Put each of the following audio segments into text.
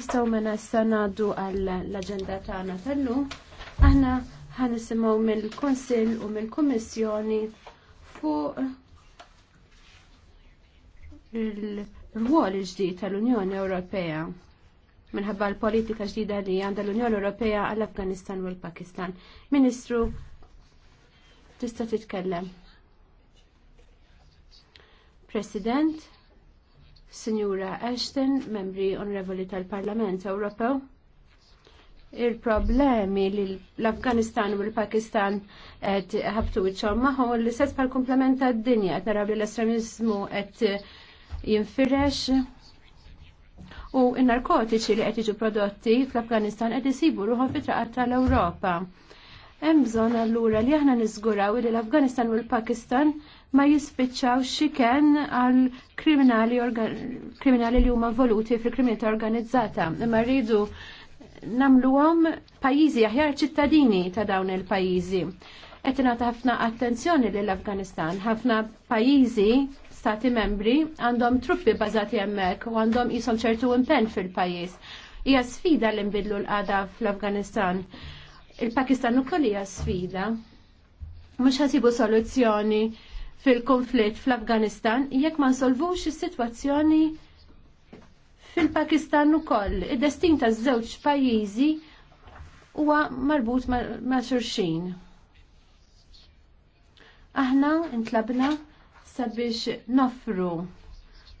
Nistaw mena s-sanadu għall-agenda tagħna tal lu Aħna ħan nisimgħu mill konsil u mill-Kummissjoni fuq il-rwol ġdid tal-Unjoni Ewropea minħabba l-politika ġdida li għandha l-Unjoni Ewropea għall-Afganistan u l-Pakistan. Ministru, tista' titkellem. President, Signora Ashton, membri onorevoli tal-Parlament Ewropew. Il-problemi li l-Afganistan u l-Pakistan qed ħabtu iċom maħu li sess pal komplementa d-dinja qed naraw li l-estremizmu qed jinfirex u n-narkotiċi li qed iġu prodotti fl-Afganistan isibu jisibu ruħom fitraqat tal-Europa. Hemm bżonn allura li aħna niżguraw li l-Afganistan u l-Pakistan ma jispiċċaw xiken għal kriminali, kriminali li huma voluti fil-kriminalità organizzata. Imma rridu namluhom pajjiżi aħjar ċittadini ta' dawn il-pajjiżi. Qed ta' ħafna attenzjoni lill afganistan ħafna pajjiżi stati membri għandhom truppi bazati hemmhekk u għandhom jisom ċertu impenn fil-pajjiż. Hija sfida li nbidlu l-qada fl-Afganistan. Il-Pakistan ukoll hija sfida. Mhux ħasibu soluzzjoni fil-konflitt fl-Afganistan jekk ma nsolvux is-sitwazzjoni fil-Pakistan ukoll. Id-destin ta' żewġ pajjiżi huwa marbut ma' xurxin. Aħna intlabna sabiex nofru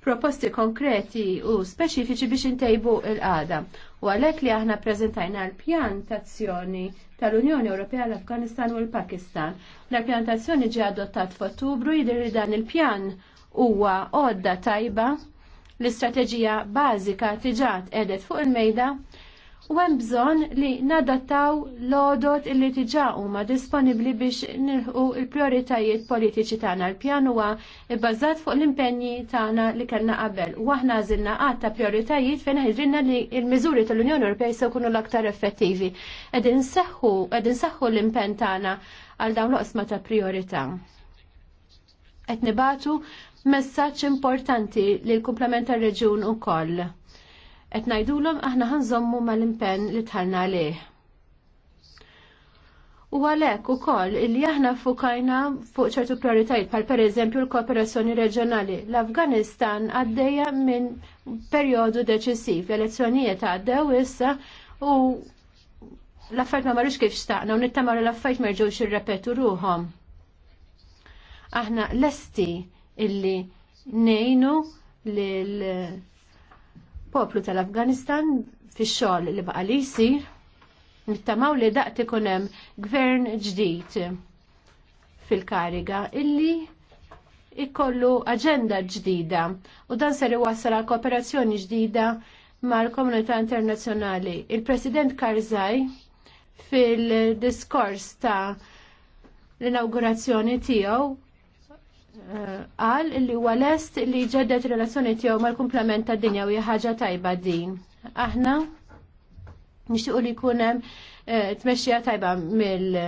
proposti konkreti u speċifiċi biex intejbu il-qada. U għalhekk li aħna prezentajna l-pjan tazzjoni tal-Unjoni Ewropea l-Afganistan u l-Pakistan. L-pjan tazzjoni ġie adottat f'Ottubru jidhir li dan il-pjan huwa għodda tajba l-istrateġija bażika tiġat edet fuq il-mejda u hemm bżonn li nadattaw l-odot illi diġà huma disponibbli biex nilħu l-prioritajiet politiċi tagħna. l pjan huwa bbażat fuq l-impenji tagħna li kellna qabel. U aħna għażilna qatt ta' prioritajiet fejn ħidrilna li l-miżuri tal-Unjoni Ewropea se jkunu l-aktar effettivi. Qegħdin seħħu qegħdin seħħu l-impenn tagħna għal dawn l-oqsma ta' priorità. Qed nibatu messaġġ importanti li l-komplement tar-reġjun ukoll qed ngħidulhom aħna ħanżommu mal-impenn li tħalna għalih. U għalek u koll li aħna fukajna fuq ċertu prioritajt, pal per eżempju l-kooperazzjoni reġjonali. L-Afganistan għaddeja minn periodu deċisiv, l-elezzjonijiet għaddew issa u l-affajt ma marrux kif xtaqna u nittamar l-affajt merġewx irrepetu ruhom. Aħna lesti illi nejnu lil poplu tal-Afganistan fix-xogħol li baqa' li jsir nittamaw li daqt ikun hemm gvern ġdid fil-kariga illi ikollu aġenda ġdida u dan ser iwassal għal kooperazzjoni ġdida mal-komunità internazzjonali. Il-President Karzaj fil-diskors ta' l-inaugurazzjoni tiegħu qal li huwa lest li ġeddet relazzjoni tiegħu mal-kumplament tad-dinja u ħaġa tajba din. Aħna nixtiequ li jkun hemm eh, tmexxija tajba mill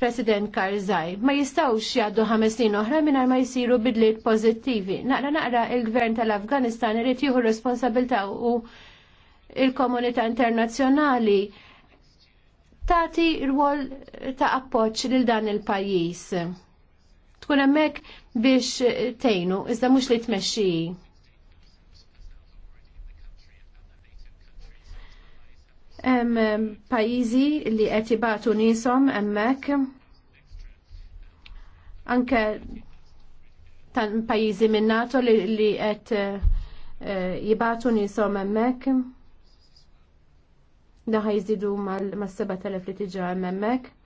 President Karzaj, ma jistawx jgħaddu ħames snin oħra mingħajr ma jsiru bidliet pożittivi. Naqra naqra il-gvern tal-Afganistan irid jieħu responsabilità u il-komunità internazzjonali tagħti rwol ta' appoġġ lil dan il-pajjiż tkun hemmhekk biex tgħinu, iżda mhux li tmexxi. Hemm pajjiżi li qed jibatu nieshom hemmhekk anke tan pajjiżi minn NATO li qed eh, jibatu nishom hemmhekk. Daħħa jżidu mas-7,000 li tiġa hemmhekk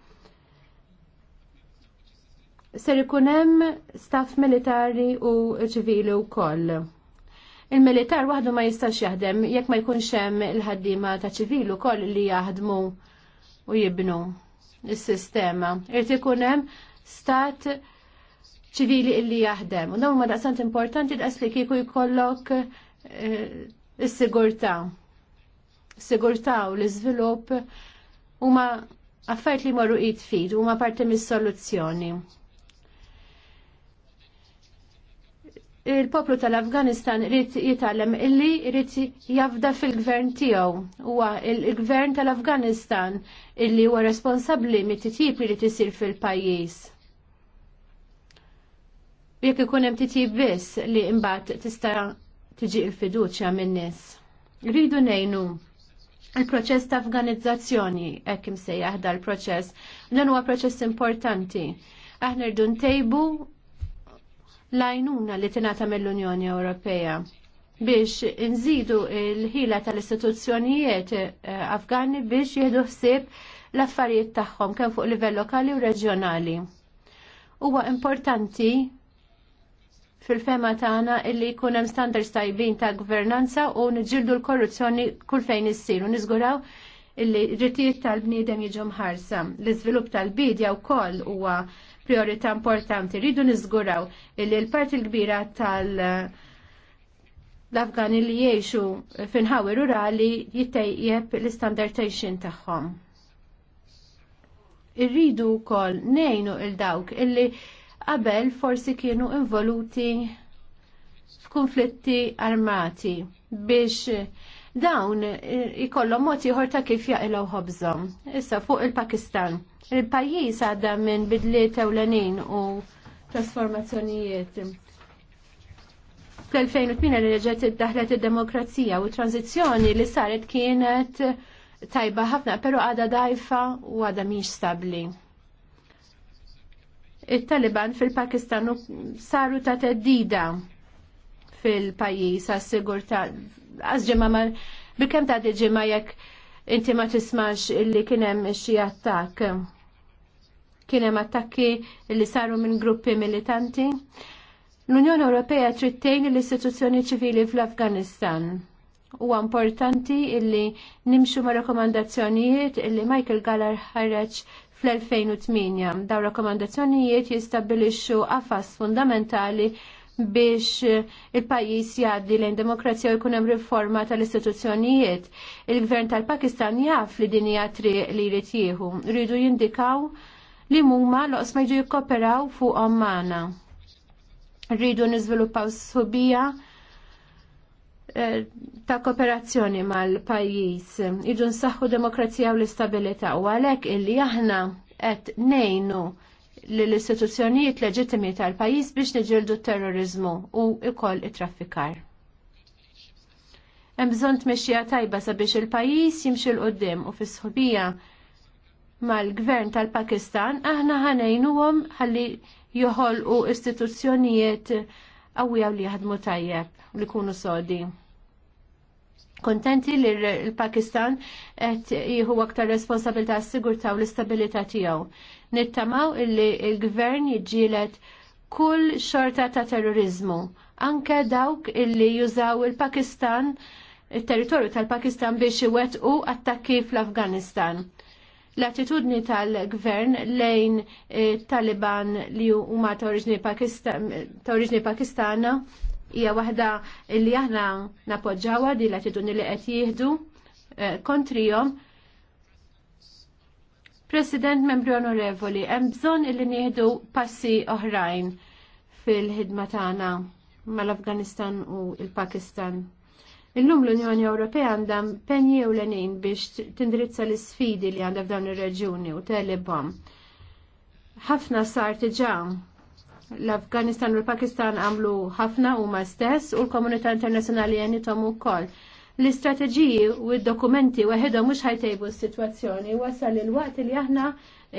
ser ikun hemm staff militari u ċivili wkoll. Il-militar waħdu ma jistax jaħdem jekk ma jkunx hemm il-ħaddiema ta' u koll li jaħdmu u jibnu is-sistema. Irrid ikun hemm stat ċivili illi jaħdem. U dawn ma daqsant importanti daqs li kieku jkollok is-sigurtà. Eh, Sigurtà u l-iżvilupp huma affarijiet li marru id huma parti mis-soluzzjoni. il-poplu tal-Afganistan rrit jitalem illi rrit jafda fil-gvern tiegħu. Huwa il-gvern tal-Afganistan illi huwa responsabbli mit-titjib li jisir fil-pajjiż. Jekk ikun hemm titjib biss li imbat tista' tiġi l-fiduċja min-nies. Rridu ngħinu il-proċess ta' afganizzazzjoni hekk imsejjaħ dal-proċess. Dan huwa proċess importanti aħna rridu ntejbu l-għajnuna li tingħata mill-Unjoni Ewropea biex nżidu l-ħila tal-istituzzjonijiet eh, Afgani biex jieħdu ħsieb l-affarijiet tagħhom kemm fuq livell lokali u reġjonali. Huwa importanti fil-fema tagħna illi jkun hemm standards tajbin ta' gvernanza u niġildu l-korruzzjoni kull fejn issiru niżguraw illi r tal-bniedem jiġu mħarsa. L-iżvilupp tal-bidja wkoll huwa priorità importanti. Rridu niżguraw li l-parti l-kbira tal- eh, l-Afgani li jiexu finħawi rurali jittejjeb l-standardization tagħhom. Irridu kol nejnu il-dawk illi qabel forsi kienu involuti f'konflitti armati biex dawn eh, ikollhom mod ieħor ta' kif jaqilgħu ħobżhom. Issa fuq il-Pakistan. Il-pajjiż għadda minn bidliet ewlenin u trasformazzjonijiet. Fl-2008 li reġgħet iddaħlet id-demokrazija u tranzizzjoni li saret kienet tajba ħafna, pero għada dajfa u għada miex stabli. Il-Taliban fil-Pakistan saru ta' teddida fil-pajis għas-sigurta għazġema ma bil-kem ta' ġimma jekk inti ma tismax illi kienem xie attak. Kienem attakki illi saru minn gruppi militanti. L-Unjoni Ewropea trittejn l-istituzzjoni ċivili fl-Afganistan. Huwa importanti illi nimxu ma' rakkomandazzjonijiet illi Michael Gallar ħareġ fl-2008. Daw rakkomandazzjonijiet jistabilixxu għafas fundamentali biex il-pajis jgħaddi lejn demokrazija u jkun hemm riforma tal-istituzzjonijiet. Il-gvern tal-Pakistan jaf li din hija triq li jrid jieħu. Rridu jindikaw li mumma loqsma jiġu jikkoperaw fuq ommana. Rridu niżviluppaw subija eh, ta' kooperazzjoni mal-pajis. Iġun nsaħħu demokrazija u l-istabilità u għalhekk illi aħna qed ngħinu l-istituzzjonijiet leġittimi tal-pajis biex niġildu terrorizmu u ikoll it-traffikar. Hemm bżonn tmexxija tajba sabiex il-pajis jimxi l qoddim u fis-sħubija mal-gvern tal-Pakistan aħna ħanejnuhom ħalli joħolqu istituzzjonijiet qawwija li jaħdmu tajjeb li jkunu sodi kontenti li l-Pakistan qed jieħu aktar responsabilità s-sigurtà u l-istabilità tiegħu. Nittamaw illi il-gvern jiġġielet kull xorta ta' terrorizmu. Anke dawk illi jużaw il-Pakistan, il-territorju tal-Pakistan biex iwettqu attakki fl-Afganistan. L-attitudni tal-gvern lejn eh, Taliban li huma ta' oriġni Pakistana hija waħda li aħna napoġġawha di l-attitudni li qed jieħdu eh, kontrihom President membri onorevoli, hemm bżonn li nieħdu passi oħrajn fil-ħidma tagħna mal-Afganistan u il-Pakistan. Illum l-Unjoni Ewropea għandha penji u lenin biex tindrizza l-isfidi li għandha f'dawn ir-reġjuni u telibhom. Ħafna sar diġà l-Afganistan u l-Pakistan għamlu ħafna huma stess u l-komunità internazzjonali għenitom ukoll. L-istrateġiji u d-dokumenti waħedhom mhux ħajtejbu s-sitwazzjoni wasal il-waqt li aħna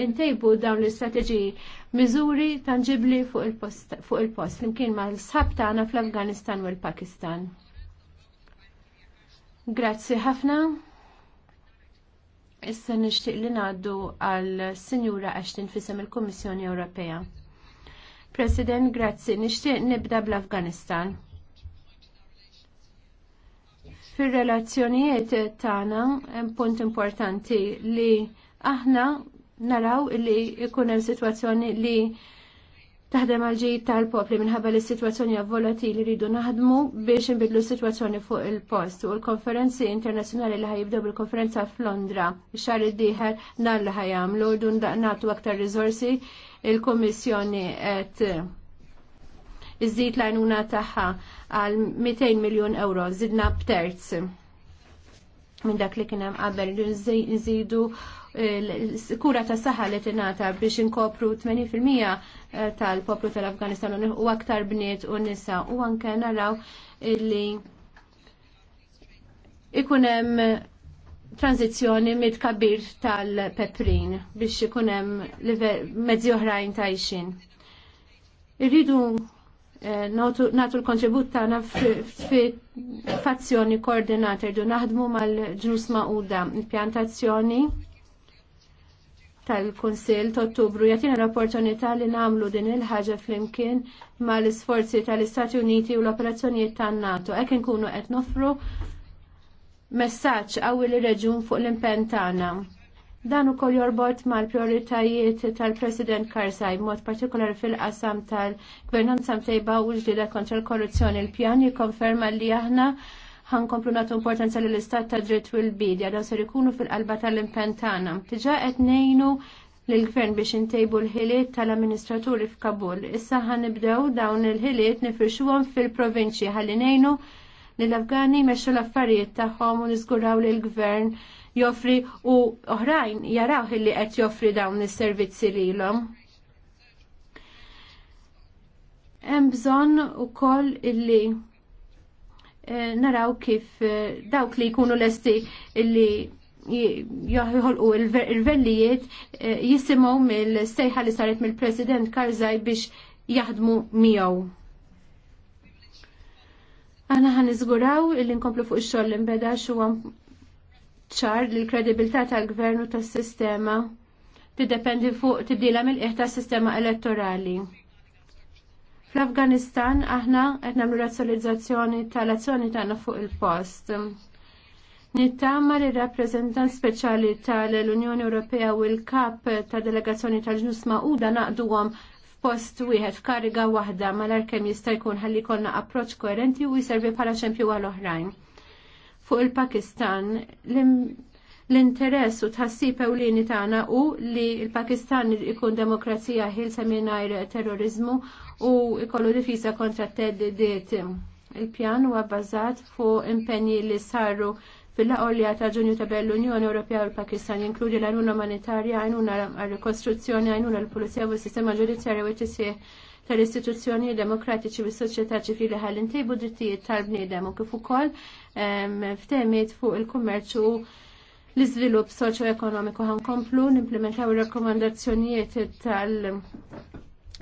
ntejbu dawn l-istrateġiji miżuri tangibli fuq il-post fuq il-post flimkien ma' l-sħab tagħna fl-Afganistan u l-Pakistan. Grazzi ħafna. Issa nixtieq li ngħaddu għal Sinjura Ashton fisem il-Kummissjoni Ewropea. President, grazzi. Nixtieq nibda bl-Afganistan. Fir-relazzjonijiet tagħna hemm punt importanti li aħna naraw li jkun hemm sitwazzjoni li taħdem għal-ġejjid tal-popli minħabba li s-sitwazzjoni volatili rridu naħdmu biex inbidlu s-sitwazzjoni fuq il-post u l-konferenzi internazzjonali li ħajibdew bil-konferenza f'Londra xar id-dieħel nhar li ħajamlu rridu nagħtu aktar riżorsi il-Kummissjoni qed iżid l-għajnuna tagħha għal 200 miljon euro, zidna b'terz minn dak li kienem qabel li nżidu eh, kura ta' saħħa li tingħata biex inkopru 80% eh, tal-poplu tal-Afganistan u aktar bniet u nisa u anke naraw li ikun hemm tranzizzjoni mid kabir tal-peprin biex ikun hemm mezzi oħrajn tajxin. Irridu Eh, natu l-kontribut tagħna f'azzjoni koordinata irdu naħdmu mal-ġnus maquda pjantazzjoni tal-Kunsill ta' Ottubru jagħtina l-opportunità li nagħmlu din il-ħaġa flimkien mal-isforzi tal-Istati Uniti u l-operazzjonijiet tan-NATO. Hekk inkunu qed nofru messaġġ qawwi lir reġun fuq l-impenn tagħna Dan ukoll jorbot mal-prioritajiet tal-President Karzaj, mod partikolari fil-qasam tal-gvernanza mtejba u ġdida kontra l-korruzzjoni. Il-pjan jikonferma li aħna ħankomplu nagħtu importanza li l-istat ta' dritt u l-bidja dan ser ikunu fil-qalba tal-impentana. Tiġa' qed ngħinu l-gvern biex intejbu l-ħiliet tal-amministraturi f'Kabul. Issa nibdew dawn il-ħiliet nifirxuhom fil-provinċi ħalli nejnu li l-Afgani meċu l-affarijiet tagħhom u niżguraw li l-gvern joffri u oħrajn jaraw li qed joffri dawn is-servizzi lilhom. Hemm bżonn ukoll illi eh, naraw kif eh, dawk li jkunu lesti illi joħolqu il-vellijiet eh, jisimgħu mill-sejħa li saret mill-President Karzaj biex jaħdmu miegħu. Aħna ħan illi il-inkomplu fuq ix-xogħol imbeda xuwa ċar li l-kredibilità tal-gvern u tas-sistema tiddependi fuq tibdila mill-qiegħ tas-sistema elettorali. Fl-Afganistan aħna qed nagħmlu razzjonizzazzjoni tal-azzjoni tagħna fuq il-post. Nittama li rappresentant speċjali tal-Unjoni Ewropea u l-kap ta' delegazzjoni tal-ġnus ma'uda naqduhom f'post wieħed f'kariga waħda malar kemm jista' jkun ħalli jkollna approċċ koerenti u jservi bħala ċempju għal oħrajn fuq il-Pakistan l-interess u tħassib ewlieni tagħna u li l-Pakistan ikun demokrazija ħilsa mingħajr terrorizmu u jkollu difiża kontra t-teddidiet. Il-pjan huwa bbażat fuq impenji li saru fil-laqolja ta' ġunju ta' l-Unjoni Ewropea u l-Pakistan jinkludi l-għajnuna umanitarja, għajnuna għal-rikostruzzjoni, għajnuna l-Pulizija u s-sistema ġudizzjarja u t tal-istituzzjoni demokratiċi u s-soċjetà ċivili ħallintejbu drittijiet tal-bniedem u kif ukoll ftemiet fuq il-kummerċ u l-iżvilupp soċjo-ekonomiku komplu nimplementaw ir-rakkomandazzjonijiet tal-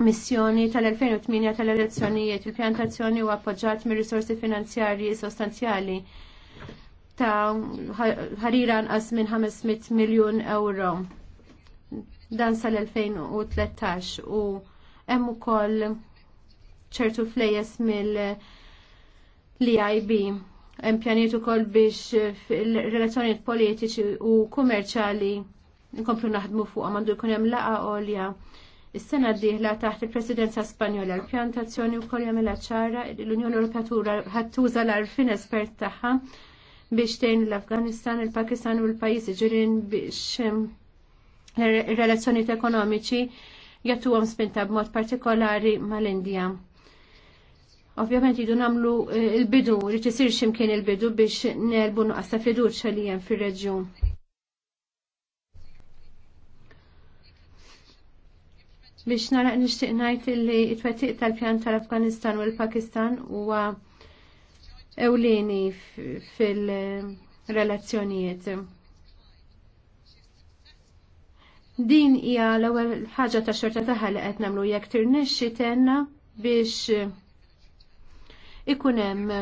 missjoni tal-2008 tal-elezzjonijiet il-pjantazzjoni u appoġġat mir risorsi finanzjarji sostanzjali ta' ħarira nqas minn 500 miljun euro dan sal-2013 u hemm ukoll ċertu flejes mill-LIB hemm pjaniet ukoll biex relazzjonijiet politiċi u kummerċali nkomplu naħdmu fuq għamandu jkun hemm laqa għolja. Is-sena d-dieħla taħt il-Presidenza Spanjola l-pjantazzjoni wkoll jagħmilha ċara l-Unjoni Ewropea ħattuża l-arfin espert tagħha biex tgħin l-Afganistan, il-Pakistan u l-pajjiżi ġirien biex ehm, relazzjonijiet ekonomiċi għom spinta b'mod partikolari mal indija Ovvjament jidu namlu eh, il-bidu, li tisir ximkien il-bidu biex nerbu nuqqasta fiduċa li hemm fir-reġjun. Biex naraq nixtieq ngħid li t-twettiq tal-pjan tal-Afganistan u l-Pakistan huwa ewlieni fil-relazzjonijiet. Din hija l-ewwel ħaġa ta' xorta taħħa li qed nagħmlu jekk tirnexxi tenna biex ikun hemm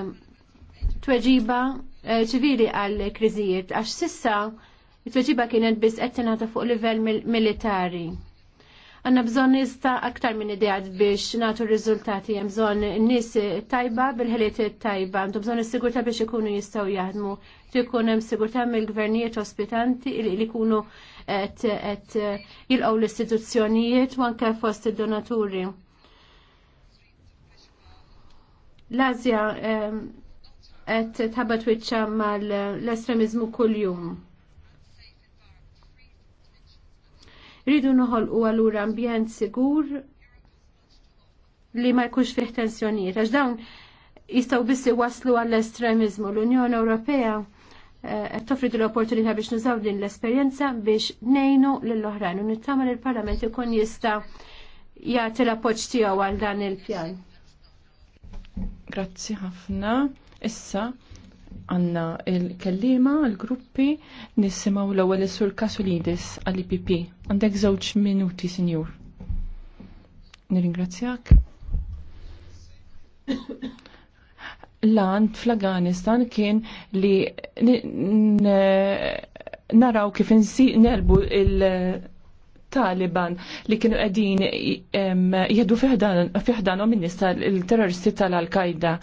tweġiba eh, ċivili għal kriżijiet għax sissa it-tweġiba kienet biss qed tingħata fuq livell militari. Għanna bżon nista aktar minn idejat biex natu r-riżultati, hemm bżon nies tajba bil-ħiliet tajba, għandu bżon is-sigurta biex ikunu jistgħu jaħdmu, tikun hemm sigurta mill-gvernijiet ospitanti li jkunu et jilqgħu l-istituzzjonijiet u anke fost id-donaturi. L-Azja qed tħabba twiċċa mal-estremizmu kuljum. nħol noħolqu allura ambjent sigur li ma jkunx fih tensjonijiet għax dawn jistaw biss waslu għall-estremizmu. L-Unjoni Ewropea qed toffridu l-opportunità biex nużaw din l-esperjenza biex nejnu lill-oħrajn u nittama l parlament ikun jista' jagħti l-appoġġ tiegħu għal dan il-pjan. Grazzi ħafna. Issa għanna il-kellima, il-gruppi, nissimaw l-ewwel is-sur Kasulidis għall-IPP. Għandek żewġ minuti, sinjur. Nirringrazzjak l-għand fl-Afganistan kien li naraw kif nelbu il-Taliban li kienu għedin jeddu fiħdanom minnista il-terroristi tal-Al-Qaida.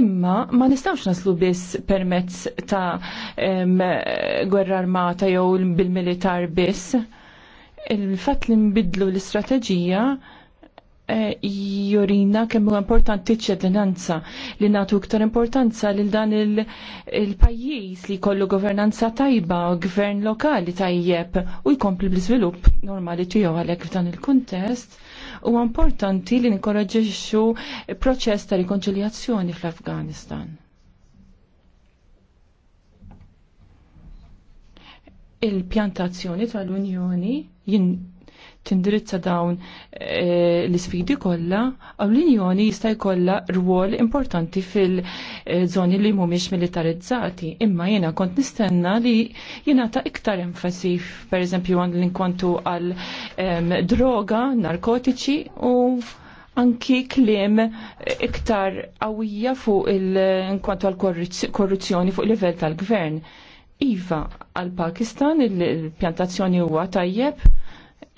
Imma ma nistawx naslu biss permezz ta' gwerra armata jew bil-militar biss. Il-fat li nbidlu l-istrateġija E, jorina kemm huwa importanti ċ-ċedinanza li nagħtu iktar importanza lil dan il-pajjiż li jkollu governanza tajba u gvern lokali tajjeb u jkompli bl-iżvilupp normali tiegħu għalhekk f'dan il-kuntest huwa importanti li nkoraġġixxu proċess ta' rikonċiljazzjoni fl-Afganistan. Il-pjantazzjoni tal-Unjoni tindirizza dawn e, eh, l-isfidi kollha, għaw l-Unjoni jista' jkollha rwol importanti fil-żoni li mhumiex militarizzati. Imma jiena kont nistenna li jena ta' iktar enfasi pereżempju għand l-inkontu għal droga, narkotiċi u anki klim iktar qawwija fuq il-kwantu għal-korruzzjoni fuq livell tal-gvern. Iva, għal-Pakistan il-pjantazzjoni huwa tajjeb,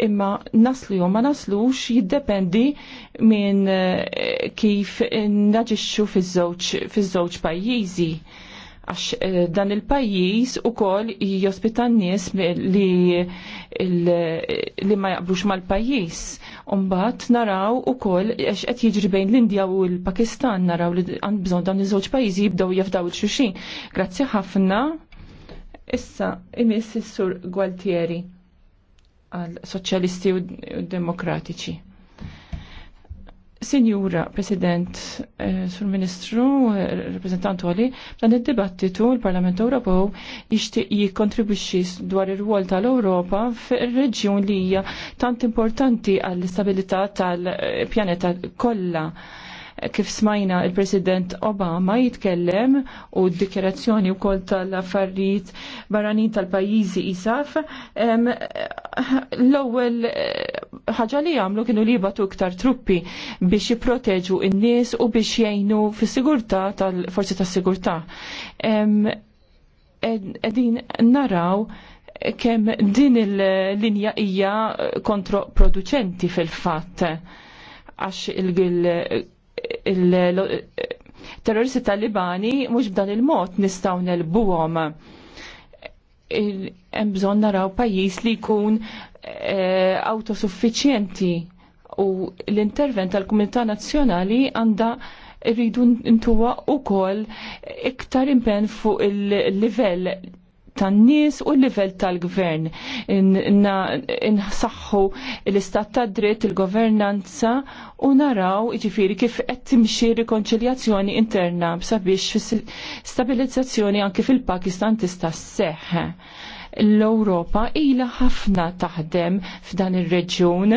imma naslu jew ma naslux jiddependi minn eh, kif naġixxu fiż-żewġ pajjiżi għax eh, dan il-pajjiż ukoll jospita n-nies li, li ma jaqblux mal-pajjiż. Umbat naraw ukoll għax qed jiġri bejn l-Indja u l-Pakistan naraw li għand bżonn dawn iż-żewġ pajjiżi jibdew jafdaw il xuxin Grazzi ħafna. Issa imis is-sur Gualtieri għal soċjalisti u demokratiċi. Sinjura President, eh, Sur Ministru, eh, Reprezentantu għali, dan id-dibattitu l-Parlament Ewropew jixtieq jikkontribwixxi dwar ir-rwol tal-Ewropa fir-reġjun li hija tant importanti għall-istabilità tal-pjaneta kollha kif smajna il-President Obama jitkellem u d-dikjerazzjoni u kol tal affarijiet barranin tal-pajizi ISAF, l-ewwel eh, ħaġa li għamlu kienu li jibatu iktar truppi biex jiproteġu in-nies u biex jgħinu fis-sigurtà tal-forzi tas-sigurtà. Edin naraw kem din il-linja hija producenti fil-fatt għax il-terroristi talibani mhux b'dan il-mod nistgħu nelbuhom. Hemm bżonn naraw pajjiż li jkun e, autosuffiċjenti u l-intervent tal komunità Nazzjonali għandha rridu ntuwa ukoll iktar impenn fuq il-livell tan-nies u l-livell tal-gvern. Insaħħu l-istat ta' dritt, il-governanza u naraw ġifiri kif qed timxi rikonċiljazzjoni interna sabiex stabilizzazzjoni anke fil-Pakistan tista' sseħħ l-Europa ila ħafna taħdem f'dan ir-reġjun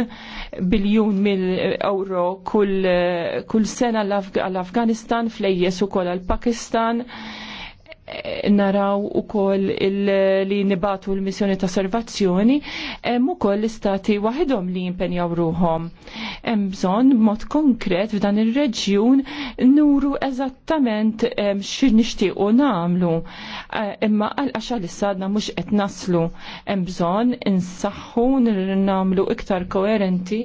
biljun mill-euro kull, kull sena għall afganistan flejjes ukoll għall pakistan Eh, naraw u koll li nibatu l-missjoni ta' servazzjoni, hemm ukoll l-istati waħedhom li jimpenjaw ruhom. Hemm bżonn b'mod konkret f'dan ir-reġjun nuru eżattament xi nixtiequ nagħmlu. Eh, imma għal għalissa għadna mhux qed naslu. Hemm bżonn insaħħu nagħmlu iktar koerenti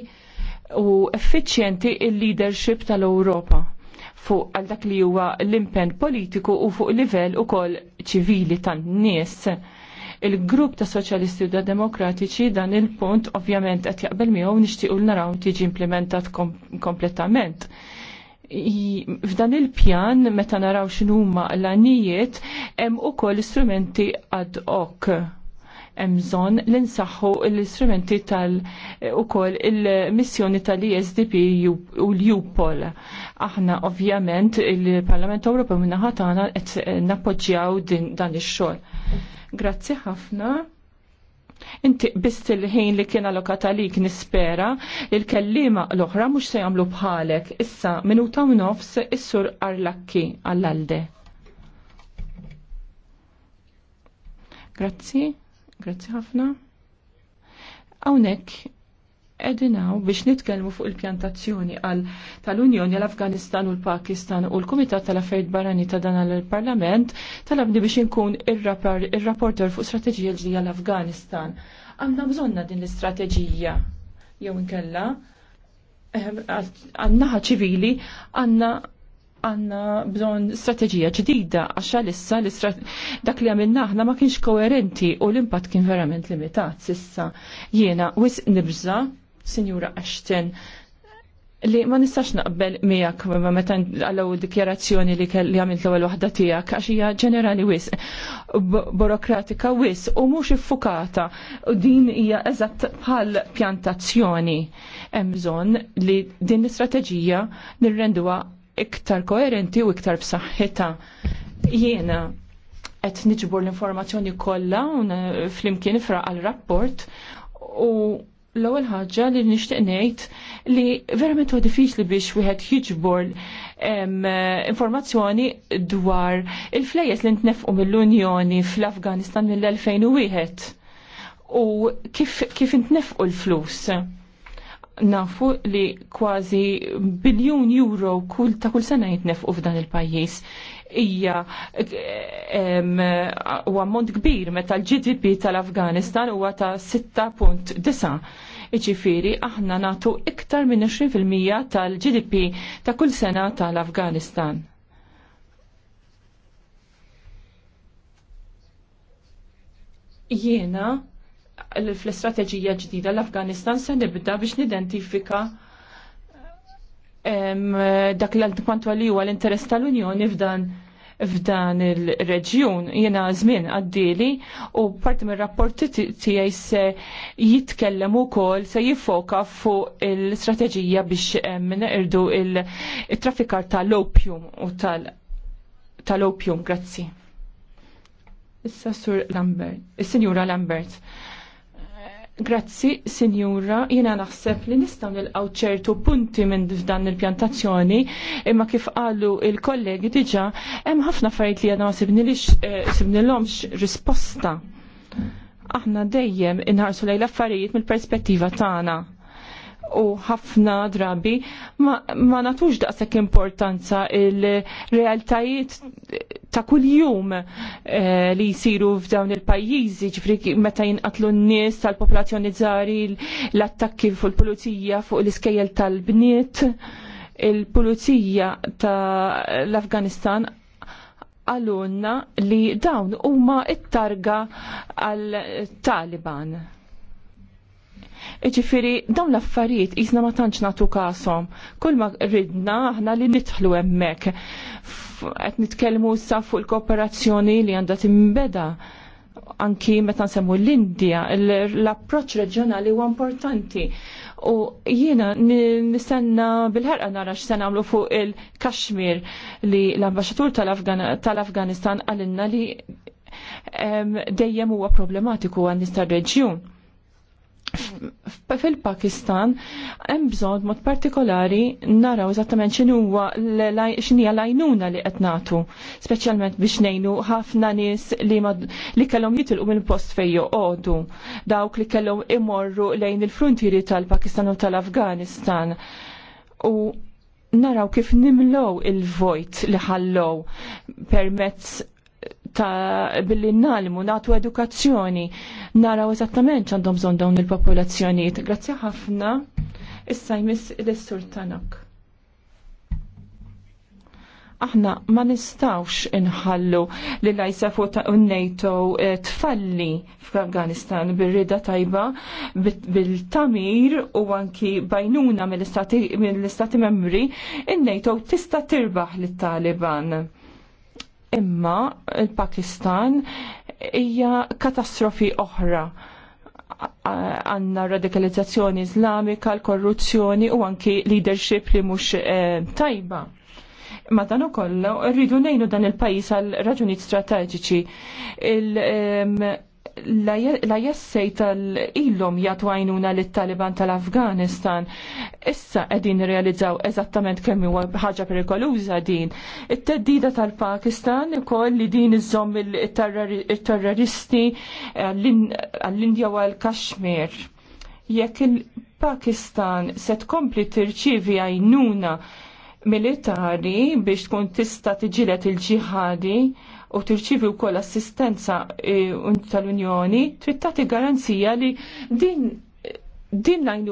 u effiċjenti il-leadership tal-Ewropa fuq għal dak li huwa l-impenn politiku u fuq livell ukoll ċivili tan-nies. Il-grupp ta' Soċjalisti u Demokratiċi dan il-punt ovvjament qed jaqbel miegħu nixtiequ naraw tiġi implementat kom kompletament. F'dan il-pjan meta naraw x'inhuma l-għanijiet hemm ukoll istrumenti ad hoc emżon l-insaxħu l-istrumenti tal- u koll il-missjoni tal-ISDP u l-UPOL. Aħna ovvjament il-Parlament Ewropew minnaħatana qed nappoġġjaw dan ix-xogħol. Grazzi ħafna. Inti bist il-ħin li kien allokata lik nispera il-kellima l-oħra mhux se jagħmlu bħalek. Issa minuta u nofs is-sur Arlakki għall-alde. Grazzi. Grazzi ħafna. Hawnhekk edinaw biex nitkellmu fuq il-pjantazzjoni għal tal-Unjoni l-Afganistan u l-Pakistan u l-Kumitat tal-Affarijiet Barani ta' dan l-Parlament talabni biex inkun ir-rapporter fuq strateġija ġdija l-Afganistan. Għandna bżonna din l-istrateġija jew inkella eh, għannaħa ċivili għanna għanna bżon strategija ġdida għaxa lissa dak li għamilna aħna ma kienx koerenti u l-impatt kien verament limitat sissa jiena wis nibża Sinjura Ashton li ma nistax naqbel miegħek meta għallew dikjarazzjoni li kelli għamilt l-ewwel waħda tiegħek għax hija ġenerali wis burokratika wis u mhux iffukata u din hija eżatt bħal pjantazzjoni hemm bżonn li din l-istrateġija nirrenduha iktar koerenti u iktar b'saħħitha. Jiena qed niġbur l-informazzjoni kollha flimkien ifraq għal rapport u l-ewwel ħaġa li nixtieq ngħid li verament huwa diffiċli biex wieħed jiġbor informazzjoni dwar il-flejjes li ntnefqu mill-Unjoni fl-Afganistan mill-2001 u kif, kif intnefqu l-flus nafu li kważi biljun euro kull ta' kull sena jitnefqu f'dan il-pajjiż hija u ammont kbir meta l-GDP tal-Afganistan huwa ta' 6.9. Iċifiri, aħna natu iktar minn 20% tal-GDP ta' kull sena tal-Afganistan. Jiena fl-istrateġija ġdida l-Afganistan se nibda biex nidentifika dak l-kwantu li huwa l-interess tal-Unjoni f'dan f'dan il-reġjun jiena żmien għaddili u parti mir rapporti tiegħi se jitkellem ukoll se jiffoka fuq l-istrateġija biex irdu il-traffikar tal-opium u tal-opium, grazzi. Issa Sur Lambert, is-Sinjura Lambert. Grazzi, Sinjura, jina naħseb li nistaw nilqaw ċertu punti minn f'dan il-pjantazzjoni, imma kif qalu il-kollegi diġa, hemm ħafna affarijiet li għadna ma eh, sibnilhomx risposta. Aħna dejjem inħarsu lejn l-affarijiet mill-perspettiva tagħna u ħafna drabi ma, ma natux daqshekk importanza il-realtajiet ta' kuljum eh, li jisiru f'dawn il-pajjiżi, ġifri meta jinqatlu n-nies tal-popolazzjoni żgħari, l-attakki fuq il-pulizija, fuq l-iskejjel tal-bniet, il-pulizija ta' l-Afganistan għalunna li dawn huma it-targa għal-Taliban. Iġifiri, dawn l-affarijiet jisna ma tantx natu kasom. Kull ma ridna aħna li nitħlu hemmhekk. Qed nitkellmu sa fuq il-kooperazzjoni li għandha timbeda anki meta nsemmu l-Indja, l-approċ reġjonali huwa importanti. U jiena nistenna bil ħarqa nara x'se nagħmlu fuq il-Kashmir li l-ambaxxatur tal-Afganistan għalinna li dejjem huwa problematiku għan nista' reġjun fil-Pakistan hemm bżonn mod partikolari naraw eżattament x'inhuwa huwa x'inhija l-għajnuna li qed nagħtu, speċjalment biex ngħinu ħafna nies li li kellhom jitilqu mill-post fejn joqogħdu, dawk li kellhom imorru lejn il-frontieri tal-Pakistan u tal-Afganistan. U naraw kif nimlow il-vojt li ħallow permezz ta' billi nalmu natu edukazzjoni naraw eżattament għandhom bżonn dawn il-popolazzjonijiet. Grazzi ħafna. Issa jmiss il sur tanak. Aħna ma nistawx inħallu li lajsa fuq ta' un-NATO eh, tfalli f'Afganistan bir-rida tajba bil-tamir u anki bajnuna mill-istati membri, n nato tista' tirbaħ lit-Taliban imma il-Pakistan hija katastrofi oħra għanna radikalizzazzjoni islamika, l-korruzzjoni u anki leadership li mhux eh, tajba. Ma dan kollu, rridu ngħinu dan il-pajjiż għal raġunijiet strateġiċi. Il, eh, la jessej tal-ilom jatu għajnuna li taliban tal-Afganistan issa edin realizzaw eżattament kemm huwa ħaġa perikoluża din. It-teddida tal-Pakistan ukoll li din iżomm il-terroristi għall-Indja u għall-Kashmir. Jekk il-Pakistan se tkompli tirċivi għajnuna militari biex tkun tista tiġilet il-ġihadi, il ġihadi u tirċivi wkoll assistenza e, tal-Unjoni trid tagħti garanzija li din din l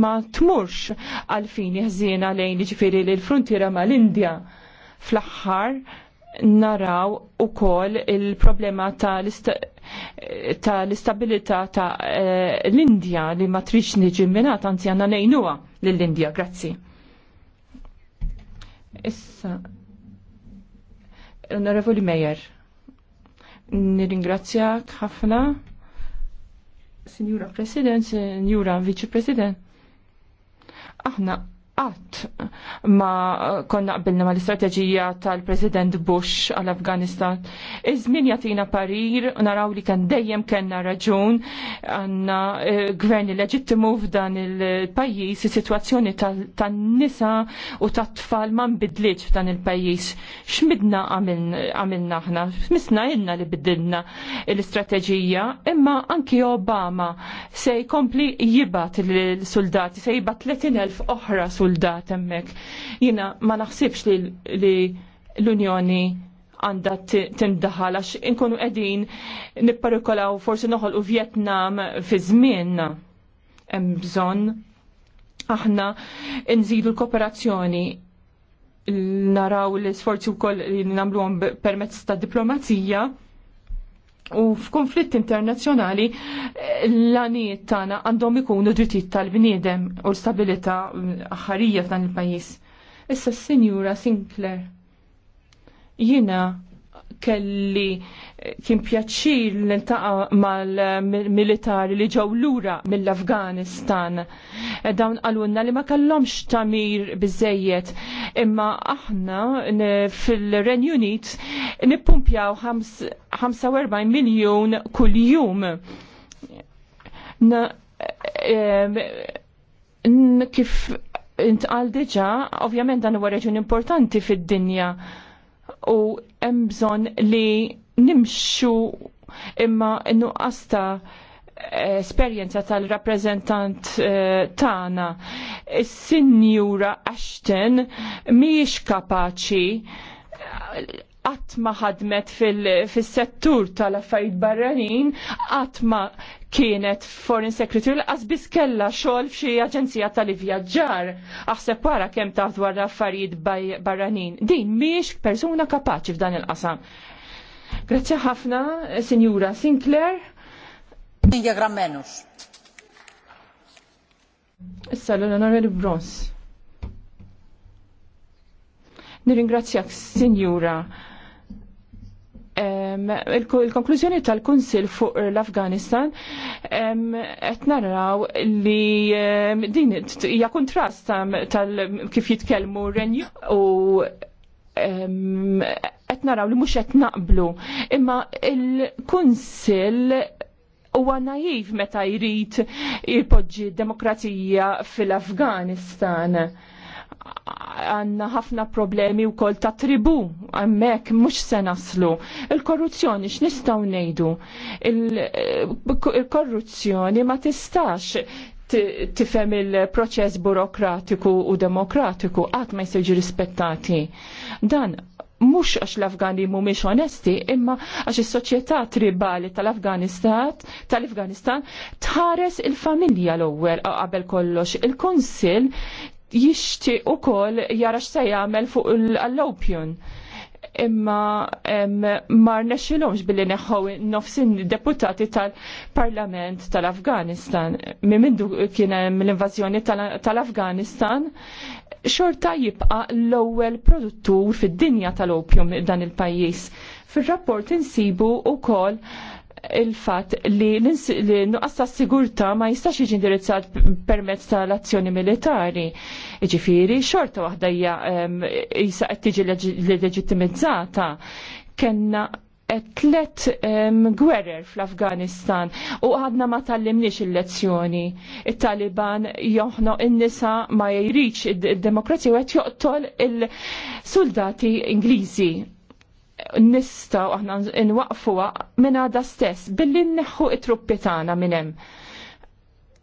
ma tmurx għalfin ħżiena lejn ġifiri li l-frontiera mal-Indja fl-axħar naraw u koll il-problema ta' l-istabilita e, ta' l-Indja li ma trix niġi minnat, anzi għanna nejnua l-Indja, grazzi. Issa, Onorevoli Meyer, ingrazzjak ħafna, Signora President, Signora Vice President. Aħna qatt ma konna qbilna mal istrateġija tal-President Bush għal-Afganistan. Iż-żmien jagħtina parir naraw li kien dejjem kellna raġun għandna eh, gvern leġittimu f'dan il-pajjiż is-sitwazzjoni tan-nisa u tat-tfal ma nbidlitx f'dan il-pajjiż. X'midna għamilna aħna, misna ilna li bidilna l-istrateġija, imma anki Obama se jkompli jibat l-soldati, se jibat 30,000 oħra soldat emmek. Jiena ma naħsibx li l-Unjoni għanda tindaħal għax inkunu qegħdin nipparikolaw forsi noħolqu Vjetnam fi zmin Hemm bżonn aħna nżidu l-kooperazzjoni naraw l-sforzi wkoll li nagħmluhom permezz ta' diplomazija u f'konflitt internazzjonali l-għaniet tagħna għandhom ikunu drittijiet tal-bniedem u l-stabilità aħħarija f'dan il-pajjiż. Issa s-Sinjura Sinclair jiena kelli kien pjaċir l-intaqa mal-militari li ġew lura mill-Afganistan. E, dawn għalunna li ma kellhomx tamir biżejjed, imma aħna fil-Ren Unit nippumpjaw 45 miljun kuljum. E, kif intqal diġa, ovvjament dan huwa reġun importanti fid-dinja u hemm bżonn li nimxu imma innu ta' esperjenza tal-rappreżentant eh, tagħna. Is-Sinjura Ashton mhijiex kapaċi qatt ma ħadmet fil-settur tal-affarijiet barranin, qatt ma kienet Foreign Secretary laqas biss kellha xogħol f'xi aġenzija tal ivjaġġar Aħseb wara kemm taf dwar l-affarijiet barranin. Din miex persuna kapaċi f'dan il-qasam. Grazzi ħafna, Sinjura Sinclair. Dinja grammenux. Issa l-Onorevoli Brons. Nirringrazzjak, Sinjura il-konklużjoni tal-Kunsil fuq l-Afganistan qed naraw li din hija kontrast tal kif jitkellmu renju u qed naraw li mhux qed naqblu. Imma il-Kunsil huwa naiv meta jrid jipoġġi d demokrazija fil-Afganistan għanna ħafna problemi u kol ta' tribu, għammek mux se naslu. Il-korruzzjoni x'nistgħu ngħidu? Eh, il-korruzzjoni ma tistax tifhem il-proċess burokratiku u demokratiku qatt ma jsirġi rispettati. Dan mhux għax l-Afgani mhumiex onesti, imma għax is-soċjetà tribali tal-Afganistan tal-Afganistan tħares il-familja l-ewwel qabel kollox. Il-Kunsill jixtieq ukoll jara x'se jagħmel fuq l-allopjon imma mar nexilomx billi neħħu nofsin deputati tal-Parlament tal-Afganistan. Mimindu kien hemm l-invażjoni tal-Afganistan, xorta jibqa l-ewwel produttur fid-dinja tal-opjum dan il-pajjiż. Fir-rapport insibu wkoll il-fat li nuqqas ta' sigurta ma jistax jiġi indirizzat permezz tal-azzjoni militari. Ġifiri, xorta waħda hija jisa qed tiġi leġittimizzata. Kenna tlet gwerer fl-Afganistan u għadna ma tallimniex il-lezzjoni. Il-Taliban joħno in-nisa ma jirriċ id-demokrazija u għet joqtol il-soldati Ingliżi u aħna nwaqfu minn għada stess billi nneħħu it-truppi tagħna minn hemm.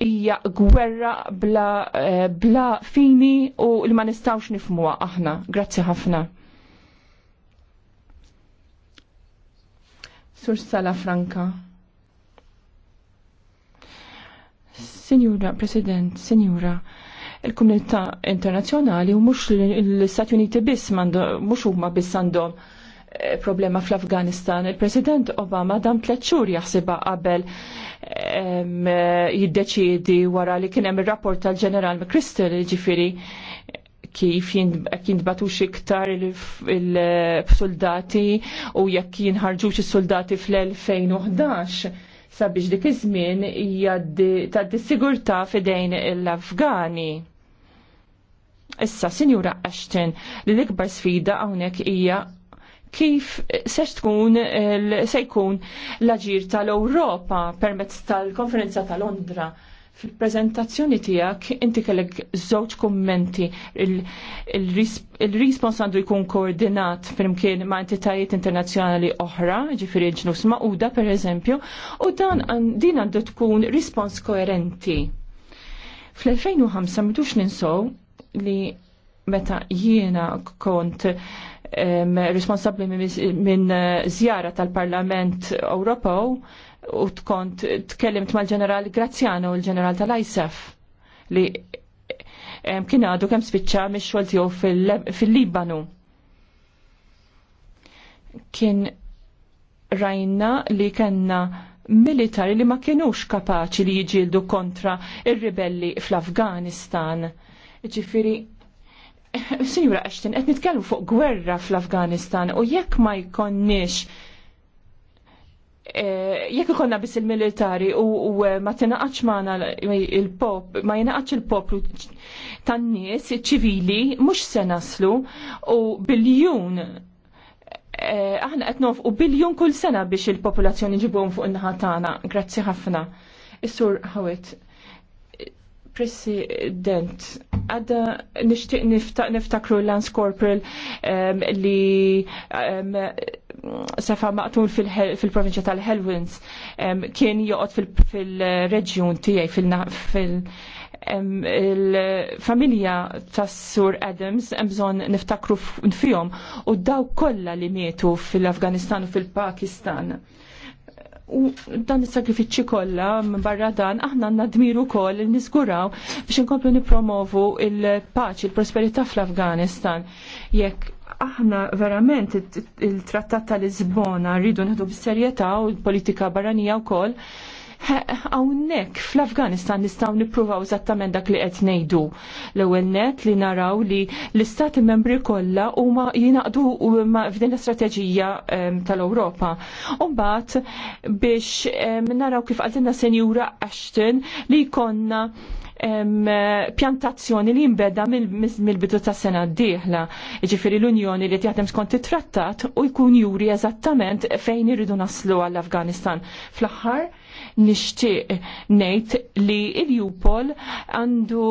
Hija gwerra bla, eh, bla fini u li ma nistawx nifmuha aħna. Grazzi ħafna. Sur Sala Franka. Signora President, Signora, il-komunità internazzjonali u mux l-Stati Uniti biss mux huma biss għandhom Eh, problema fl-Afganistan. Il-President Obama dam tliet xhur jaħsibha qabel eh, jiddeċiedi wara li kien hemm ir-rapport tal-Ġeneral McChrystal ġifiri kif jintbatux iktar il-soldati u jekk jinħarġux is-soldati fl-2011 sabiex dik iż-żmien tad sigurtà fidejn l-Afgani. Issa, Sinjura Ashton, li l-ikbar sfida hawnhekk hija kif se tkun eh, se jkun l-aġir tal-Ewropa permezz tal-konferenza ta' Londra. Fil-prezentazzjoni tiegħek inti kellek żewġ kummenti il-rispons għandu jkun koordinat flimkien ma' entitajiet internazzjonali oħra, ġifieri ġnus ma'uda pereżempju, u dan din għandu tkun rispons koerenti. Fl-2005 mitux ninsow li meta jiena kont responsabbli minn żjara eh, tal-Parlament Ewropew u tkont tkellimt mal-ġeneral Graziano u l-ġeneral tal-ISAF e li kien għadu kemm spiċċa mix-xogħol tiegħu fil-Libanu. Kien rajna li kellna militari li ma kienux kapaċi li jġildu kontra ir-ribelli fl-Afganistan. Ġifiri, Sinjura Ashton, qed nitkellmu fuq gwerra fl-Afganistan u jekk ma jkonniex eh, jekk ikonna biss il-militari u eh, ma tinaqax magħna il-pop, ma jinaqax il-poplu tan-nies ċivili mhux se naslu u biljun eh, aħna qed nofqu biljun kull sena biex il-popolazzjoni ġibhom fuq in-naħa tagħna. Grazzi ħafna. Is-sur Hawit. President, għadda nishtiq niftakru Lance Corporal um, li um, sefa maqtul fil-provinċja fil provinċja tal helwins um, kien joqot fil-reġjun tiegħi fil, fil, um, familja tas Sur Adams hemm bżonn niftakru fihom u daw kollha li mietu fil-Afganistan u fil-Pakistan. fil afganistan u fil pakistan U dan is-sakrifiċċji kollha barra dan aħna għandna dmiru li niżguraw biex inkomplu nippromovu il-paċi, il-prosperità fl-Afganistan. Jekk aħna verament il-trattat tal-Lisbona rridu nħedu bis-serjetà u l-politika barranija wkoll, Hawnhekk fl-Afganistan nistgħu nippruvaw eżattament dak li qed ngħidu. L-ewwel net li naraw li l-istati membri kollha huma jingħaqdu f'din l-istrateġija ehm, tal-Ewropa. U mbagħad biex ehm, naraw kif għaltilna senjura Ashton li jkollna ehm, pjantazzjoni li jimbeda mill-bidu ta' sena d-dieħla. Iġifiri l-Unjoni li tjaħdem skont it-trattat u jkun juri eżattament fejn irridu naslu għall-Afganistan. Fl-aħħar, nixtieq ngħid li il-Jupol għandu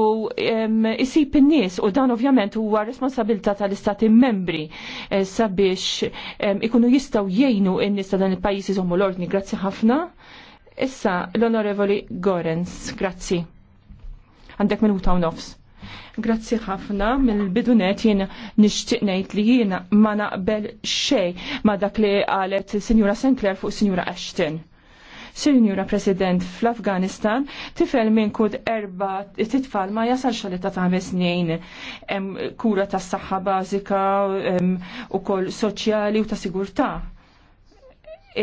isib in-nies u dan ovvjament huwa responsabilità tal-istati membri eh, sabiex ikunu jistgħu jgħinu n-nies ta' dan il-pajjiż iżommu l-ordni. Grazzi ħafna. Issa l-Onorevoli Gorens, grazzi. Għandek minuta u nofs. Grazzi ħafna mill-bidunet jiena nixtieq ngħid li jiena ma naqbel xejn ma dak li qalet Sinjura Sinclair fuq Sinjura Ashton. Sinjura President, fl-Afganistan tifel minn kod erba titfal ma jasal xalita ta' ħames snin kura ta' s-saxħa bażika u kol soċjali u ta' sigurtà.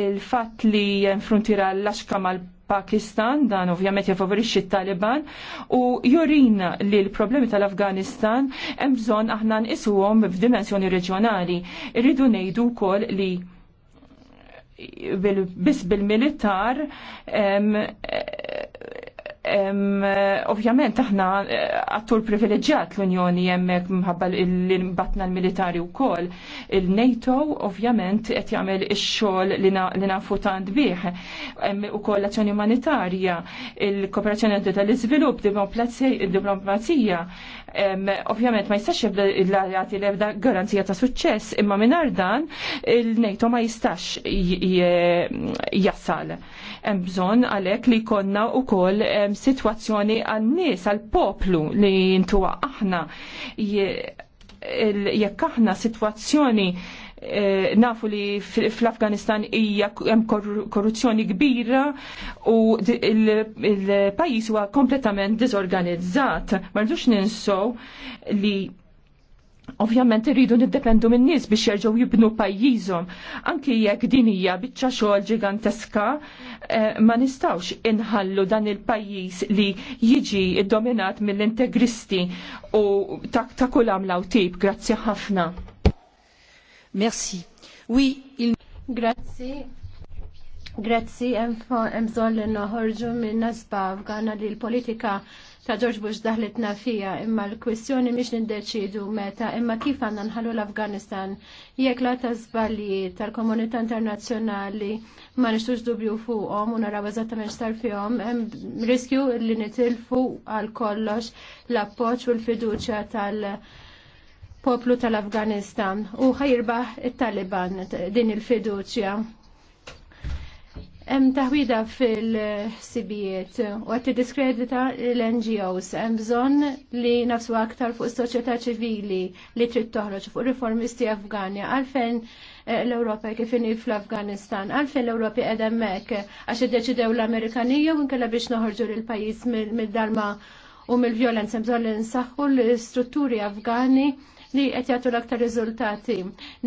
Il-fat li jenfruntira l-axka mal Pakistan, dan ovvjament jafavorixxi t-Taliban, u jorina li l-problemi tal-Afganistan hemm bżonn aħna nqisuhom f'dimensjoni reġjonali. Irridu ngħidu wkoll li biss bil-militar Ovvjament aħna għattur eh, privileġġjat l-Unjoni jemmek mħabba l-batna l-militari u kol. Il-NATO ovvjament qed jagħmel ix-xogħol li nafu tant bih. U kol l-azzjoni umanitarja, il-kooperazzjoni għandu tal-iżvilupp, diplomazija. Ovvjament ma jistax jibda l-ebda garanzija ta' suċċess, imma mingħajr dan il-NATO ma jistax jassal. Hemm bżonn għalhekk li konna wkoll situazzjoni għal nies għall-poplu li jintuwa aħna jekk aħna situazzjoni eh, nafu li fl-Afganistan hija hemm korruzzjoni kbira u il-pajjiż huwa kompletament diżorganizzat. Ma rridux ninsow li Ovvjament irridu niddependu minn nies biex jerġgħu jibnu pajjiżhom. Anki jekk din hija biċċa xogħol ġiganteska eh, ma nistgħux inħallu dan il-pajjiż li jiġi dominat mill-integristi u ta', ta kull għamla u tip. Grazzi ħafna. Merci. Oui, il... Grazzi. Grazzi, hemm bżonn li noħorġu minn nasba f'Gana li l-politika ta' George Bush daħlitna fija imma l kwestjoni miex nindeċidu meta imma kif għanna nħallu l-Afganistan jekk la ta' zbalji tal-komunità internazzjonali ma nixtux dubju fuqhom u naraw eżattament x'tar fihom hemm riskju li nitilfu għal kollox l-appoġġ u l-fiduċja tal- poplu tal-Afganistan u ħajirbaħ it-Taliban din il-fiduċja Hemm taħwida fil-ħsibijiet u qed tiddiskredita l-NGOs. Hemm bżonn li nafsu aktar fuq is-soċjetà ċivili li trid toħroġ fuq riformisti Afgani għalfejn eh, l-Ewropa kif fl-Afganistan, għalfejn l-Ewropi qiegħda hemmhekk għax iddeċidew l-Amerikanija u nkella biex noħorġu l pajjiż mid-dalma u mill-vjolenza bżonn li nsaħħu l-istrutturi Afgani li qed jagħtu l-aktar riżultati.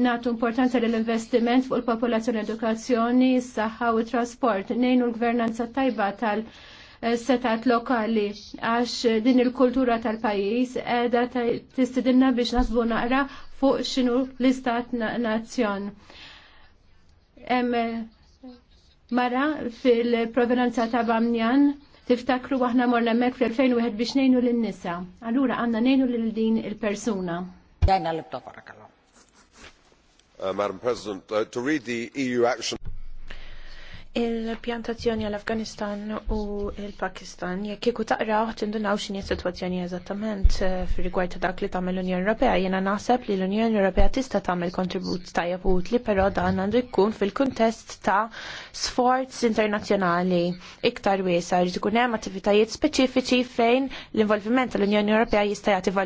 Nagħtu importanza lill investiment fuq il-popolazzjoni edukazzjoni, s-saħħa u trasport, nejnu l-gvernanza tajba tal- setat lokali għax din il-kultura tal-pajis edha tistidinna biex nasbu naqra fuq xinu l-istat nazzjon. Mara fil-provenanza ta' Bamnjan tiftakru għahna morna mek fl-2001 biex nejnu l-nisa. Allura għanna nejnu l-din il-persuna. Uh, Madam President, uh, to read the EU action il-pjantazzjoni għal-Afganistan u il-Pakistan, jekk iku taqra tindunaw x'inhi s-sitwazzjoni eżattament uh, fir-rigward ta' dak li tagħmel l-Unjoni Ewropea, jiena naħseb li l-Unjoni Ewropea tista' tagħmel kontribut tajjeb utli, però dan għandu jkun fil-kuntest ta' sforz internazzjonali iktar wiesa jrid ikun hemm attivitajiet speċifiċi fejn l-involviment tal-Unjoni Ewropea jista' jagħti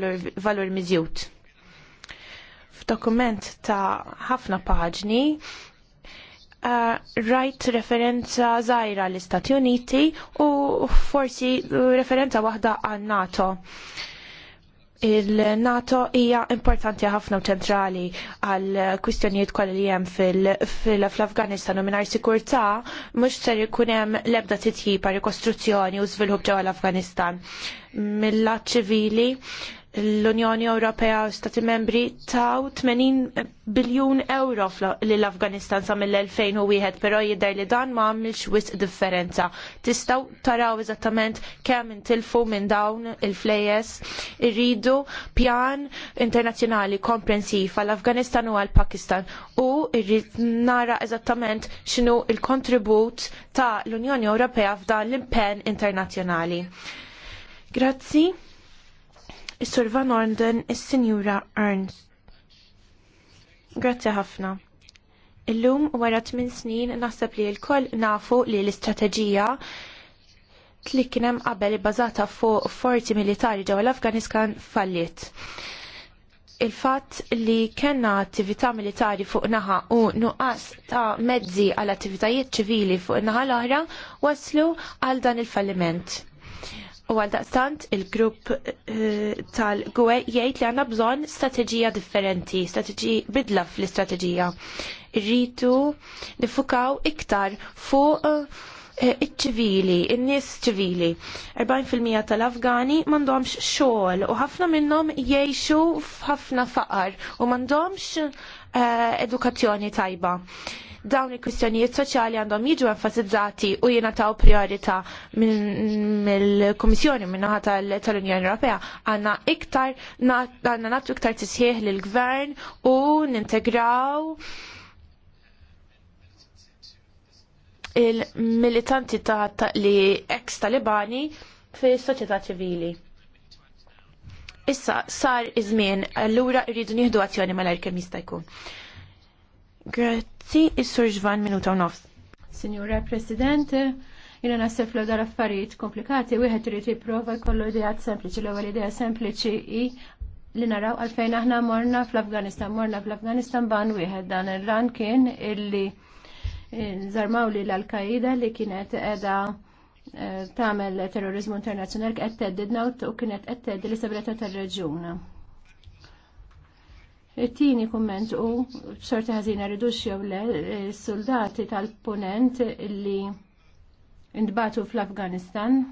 valur miżjud f'dokument ta' ħafna paġni Uh, rajt referenza zaħira l-Istati Uniti u forsi referenza waħda għal NATO. Il-NATO hija importanti ħafna u ċentrali għal kwistjonijiet kollha li hemm fil-Afganistan u mingħajr sikurta, mhux ser ikun hemm l-ebda rikostruzzjoni u żvilupp ġewwa l-Afganistan. Mill-lat ċivili l-Unjoni Ewropea u Stati Membri taw 80 biljun euro l-Afganistan sa mill-2001, pero jidher li dan ma għamilx wisq differenza. Tistaw taraw eżattament kemm intilfu minn dawn il-flejes irridu pjan internazzjonali komprensiv għal afganistan u għall-Pakistan u irrid nara eżattament x'inhu il-kontribut ta' l-Unjoni Ewropea f'dan l-impenn internazzjonali. Grazzi. Is-Sur Van Orden, is-Sinjura Ernst. Grazzi ħafna. Illum wara tmin snin naħseb li l-koll nafu li l-istrateġija li kien hemm qabel bbażata fuq forzi militari ġew l-Afganistan falliet. il-fatt li kellna attività militari fuq naħa u nuqqas ta' mezzi għal attivitajiet ċivili fuq naħa l-oħra waslu għal dan il-falliment. U għaldaqstant il-grupp eh, tal-gwe jgħid li għanna bżon strateġija differenti, strateġija bidla fl-istrateġija. Irritu nifukaw iktar fuq uh, Eh, iċ-ċivili, in-nies ċivili. 40% tal-Afgani m'għandhomx xogħol u ħafna minnhom jgħixu f'ħafna faqar u m'għandhomx eh, edukazzjoni tajba. Dawn il-kwistjonijiet soċjali għandhom jiġu enfasizzati u taw priorità mill-Kummissjoni min-naħa tal-Unjoni Ewropea għandna iktar għandna nagħtu iktar tisħieħ lill-Gvern u nintegraw il-militanti ta' li ex talibani fi soċjetà ċivili. Issa sar iż-żmien allura rridu nieħdu azzjoni malajr kemm jista' jkun. Grazzi, is-Sur Ġvan minuta u nofs. Signora President, jina nasib l dar affarijiet komplikati, wieħed irid jipprova jkollu idea sempliċi, l-ewwel idea sempliċi hi li naraw għalfejn aħna morna fl-Afganistan, morna fl-Afganistan ban wieħed dan ir-ran kien illi Zarmaw li l-Al-Qaida li kienet edha eh, tamel terrorizmu internazzjonali qed teddidna u kienet qed teddi l-istabilità tar reġjuna It-tieni kumment u b'xorta ħażina ridux jew le eh, soldati tal-punent li ndbatu fl-Afganistan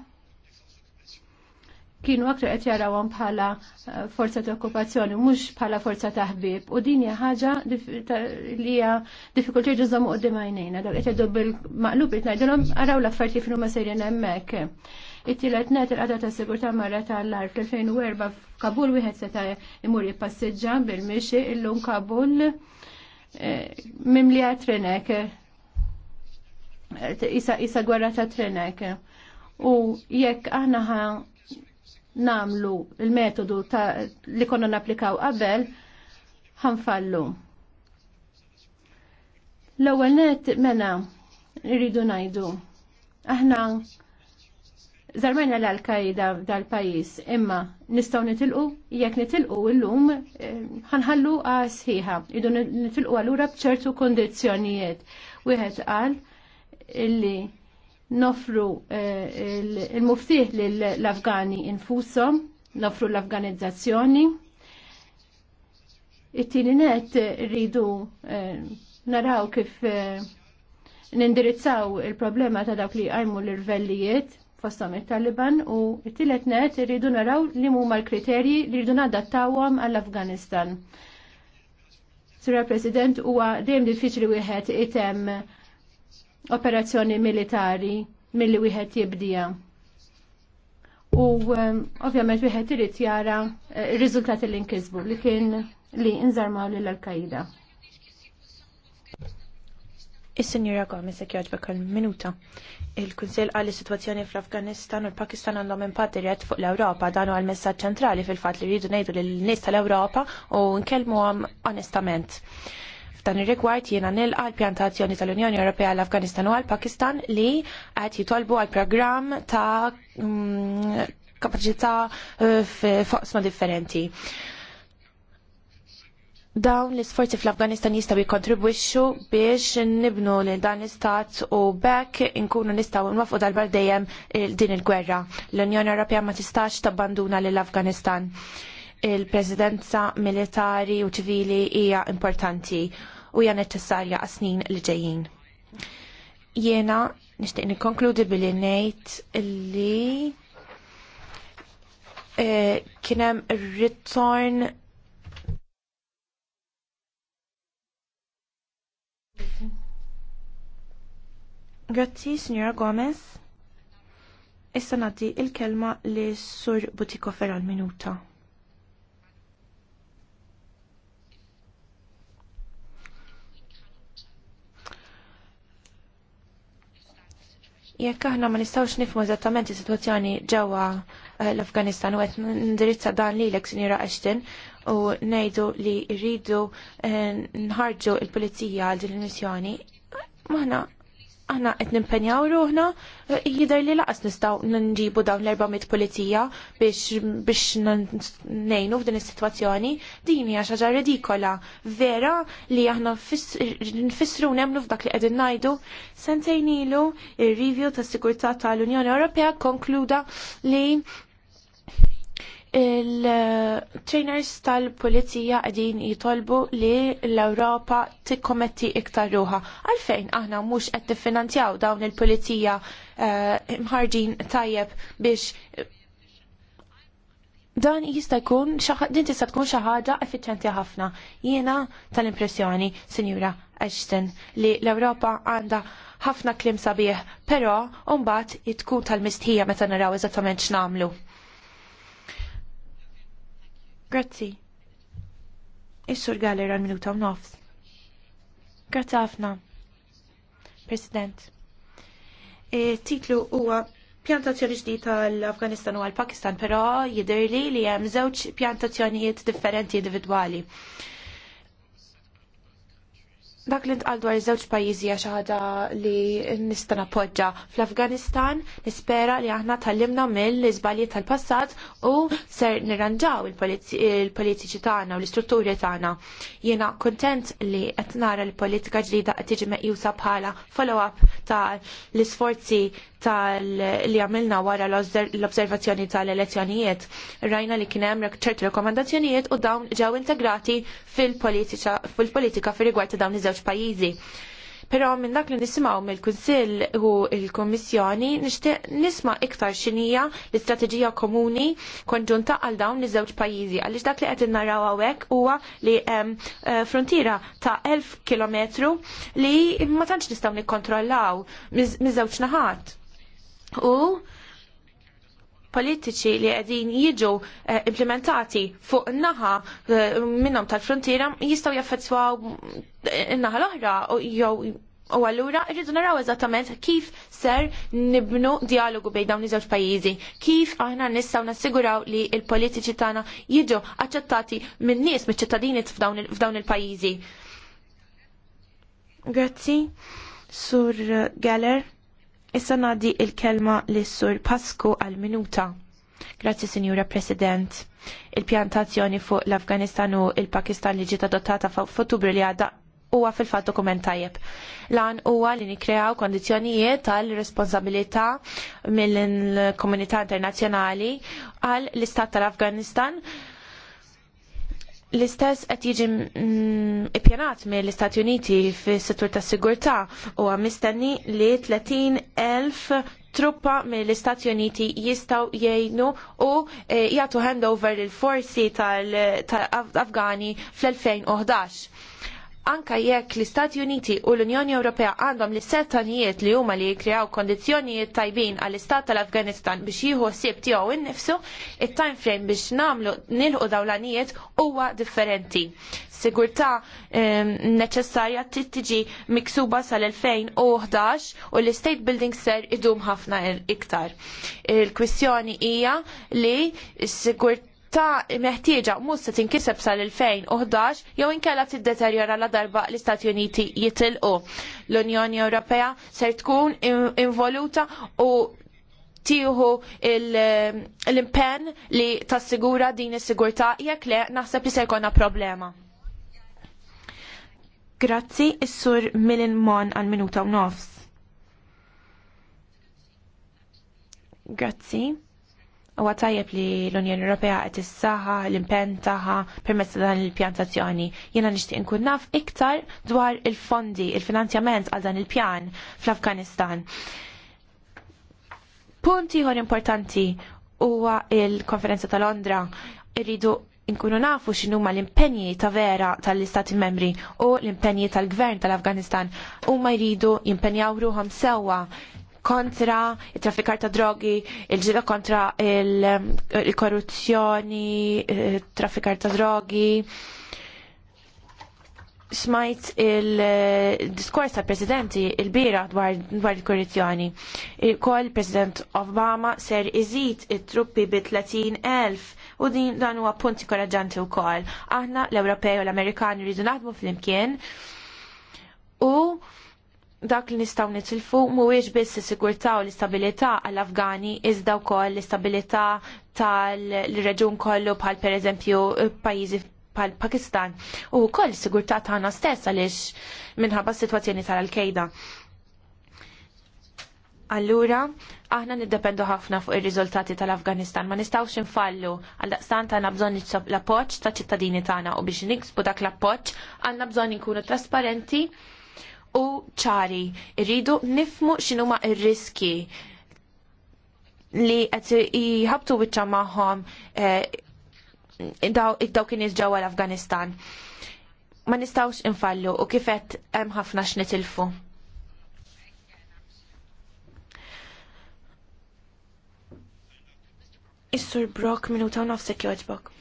kienu aktar qed jarawhom bħala eh, forza ta' okkupazzjoni mhux bħala forza ta' ħbieb u din hija ħaġa li hija diffikulti jżommu qudiem għajnejna dak qed jgħidu bil-maqlub qed ngħidulhom araw l-affarijiet kif huma sejrin hemmhekk. It-tielet net il-qada ta' sigurtà marra tal-lar fl-2004 f'Kabul wieħed seta' imur jippassiġġa bil-mixi illum Kabul eh, mimlija trenek, eh, isa, isa gwerra ta' trenek. U jekk aħna namlu il-metodu li konna naplikaw qabel ħanfallu. L-ewwel net mena rridu ngħidu. Aħna Zarmena l-Al-Qaida dal-pajis, imma nistgħu nitilqu, jekk nitilqu illum ħanħallu sħiħa, idu nitilqu allura bċertu kundizzjonijiet Wieħed qal illi nofru eh, il-muftiħ l-Afgani infusom, nofru l-Afganizzazzjoni. It-tini net eh, rridu eh, naraw kif nindirizzaw il-problema ta' dawk li għajmu l-irvellijiet fostom il-Taliban u it-tielet net rridu naraw li huma l-kriterji li rridu nadattawhom għall-Afganistan. Sura President, huwa dejjem diffiċli wieħed item operazzjoni militari milli wieħed jibdija. U um, ovvjament wieħed irid jara eh, r-riżultati li nkisbu li kien li nżarmaw lil al-Qaida. Is-Sinjura Gomi se jogħġbek minuta. il kunsel qal is-sitwazzjoni fl-Afganistan u l-Pakistan għandhom impatt dirett fuq l-Ewropa dan huwa messaġġ ċentrali fil-fatt li rridu ngħidu lin-nies tal-Ewropa u nkellmuhom onestament. F'dan ir-rigward jiena nilqa l-pjantazzjoni tal-Unjoni Ewropea għall afganistan u għall pakistan li qed jitolbu għal programm ta' mm, kapaċità eh, f'oqsma differenti. Dawn l-isforzi fl-Afganistan jistaw jikontribwixxu biex nibnu lil dan l-istat u bekk inkunu nistaw nwafqu darba dejjem din il-gwerra. L-Unjoni Ewropea ma tistax tabbanduna lill-Afganistan il-prezidenza militari u ċivili hija importanti u hija neċessarja għas li ġejjin. Jiena nixtieq nikkonkludi billi ngħid li e, kien hemm return Grazzi, signora Gomez. Issa nagħti il-kelma li sur Butiko Ferral Minuta. Jekk aħna ma nistgħux nifhmu eżattament is-sitwazzjoni ġewwa eh, l-Afganistan u qed nindirizza dan lilek Sinjura Ashton u ngħidu li rridu eh, nħarġu l-pulizija għal din il-missjoni, maħna aħna qed nimpenjaw ruħna eh, jidher li laqas nistgħu nġibu dawn l-400 pulizija biex biex ngħinu f'din is-sitwazzjoni din hija xi ħaġa ridikola. Vera li aħna nfissru nemlu f'dak li qegħdin ngħidu sentejn ir-review tas-sigurtà tal-Unjoni Ewropea konkluda li il-trainers tal-polizija għadin jitolbu li l-Europa tikkometti iktar ruħa. Għalfejn aħna mux qed tiffinanzjaw dawn il-polizija eh, mħarġin tajjeb biex dan jista' jkun din tista' tkun xi ħaġa effiċjenti ħafna. Jiena tal-impressjoni, Sinjura Ashton, li l-Ewropa għandha ħafna klim sabiħ, però mbagħad tkun tal-mistħija meta naraw eżattament x'namlu. Grazzi. Is-sur Galler għal-minuta u nofs. Grazzi ħafna. President. E, titlu huwa pjantazzjoni ġdida l afganistan u għal-Pakistan, però jidher li li hemm żewġ pjantazzjonijiet differenti individwali. Dak li ntqal dwar żewġ pajjiżi għax ħaġa li nista' nappoġġa fl-Afganistan, nispera li aħna tallimna mill-iżbalji tal-passat u ser nirranġaw il-politiċi tagħna u l-istrutturi tagħna. Jiena kuntent li qed nara l-politika ġdida qed tiġi meqjusa bħala follow-up ta' l-isforzi tal li għamilna wara l-observazzjoni tal-elezzjonijiet. Rajna li kienem ċertu rekomendazzjonijiet u dawn ġew integrati fil-politika fil riguard ta' dawn iż-żewġ pajjiżi. Però minn dak li nisimgħu mill-Kunsill u l-Kummissjoni nixtieq nisma' iktar x'inhija l-istrateġija komuni konġunta għal dawn iż-żewġ pajjiżi għaliex dak li qed innaraw hawnhekk huwa li hemm eh, frontiera ta' 1000 km li ma tantx nistgħu nikkontrollaw miż-żewġ naħat u politiċi li għedin jiġu eh, implementati fuq naħa eh, minnom tal-frontiera jistaw jaffetzwaw eh, naħa l-oħra jow u għallura rridu naraw eżattament kif ser nibnu dialogu bejn dawn iż-żewġ pajjiżi, kif aħna nistgħu nassiguraw li l-politiċi tagħna jiġu aċċettati min nies miċ-ċittadini f'dawn il-pajjiżi. Grazzi, Sur Geller. Issa nadi il-kelma li sur Pasku għal-minuta. Grazzi, Signora President. Il-pjantazzjoni fuq l-Afganistan u il-Pakistan li ġiet adottata f'Ottubru li għadda huwa fil-fatt dokument tajjeb. Lan huwa li nikreaw kondizzjonijiet tal-responsabilità mill-komunità internazzjonali għal l-istat tal-Afganistan L-istess qed jiġi mm, ippjanat mill-Istati Uniti fis-settur tas-sigurtà huwa mistenni li 30,000 truppa mill-Istati Uniti jistgħu jgħinu u eh, jagħtu handover il-forsi tal-Afgani fl-2011 anka jekk l-Istati Uniti u l-Unjoni Ewropea għandhom l settanijiet li huma li jikkrew kondizzjonijiet tajbin għall-Istat tal-Afganistan biex jieħu ssib tiegħu innifsu, it-time frame biex nagħmlu nilħu dawlanijiet huwa differenti. Sigurtà ehm, neċessarja tiġi miksuba sal-2011 u l-State Building ser idum ħafna iktar. Il-kwistjoni hija li s-sigurtà ta' meħtieġa mhux se tinkiseb sal-2011 jew inkella tiddeterjora la darba l-Istati Uniti jitilqu. L-Unjoni Ewropea ser tkun involuta u tieħu l-impenn li tassigura din is-sigurtà jekk le naħseb li se jkollna problema. Grazzi, is-sur Milin Mon għal minuta u nofs. Grazzi. U tajjeb li l-Unjoni Ewropea għet s-saħħa, l-impen taħħa, permessa dan il-pjantazzjoni. Jena nixtieq nkun naf iktar dwar il-fondi, il-finanzjament għal dan il-pjan fl-Afganistan. Punti ieħor importanti huwa il-konferenza ta' Londra. Irridu nkunu nafu x'inhuma l-impenji ta' vera tal-Istati Membri u l-impenji tal-Gvern tal-Afganistan huma jridu jimpenjaw ruhom sewwa kontra il-traffikar ta' drogi, il-ġida kontra il-korruzzjoni, il-traffikar eh, ta' drogi. Smajt il-diskors ta' presidenti il-bira dwar il-korruzzjoni. Kol president Obama ser iżid it-truppi bi 30.000 u din dan huwa punti koraġanti wkoll. Aħna l-Ewropej u l-Amerikani rridu naħdmu fl-imkien u dak li nistaw nitilfu mhuwiex biss is-sigurtà u l-istabilità għall-Afgani iżda wkoll l-istabilità tal-reġun kollu bħal pereżempju pajjiżi bħal Pakistan u wkoll is-sigurtà tagħna stess għaliex minħabba s-sitwazzjoni tal-Al-Qaeda. Allura, aħna niddependu ħafna fuq ir-riżultati tal-Afganistan, ma nistawx infallu għal daqstant tagħna bżonn l-appoġġ ta' ċittadini tagħna u biex niksbu dak l-appoġġ għandna bżonn inkunu trasparenti u ċari. Rridu nifmu x'inhuma r-riski li qed jħabtu wiċċa magħhom eh, daw kien ġewwa l-Afganistan. Ma nistgħux infallu u kifet hemm ħafna x'nitilfu. Is-Sur Brock minuta u nofsek joġbok.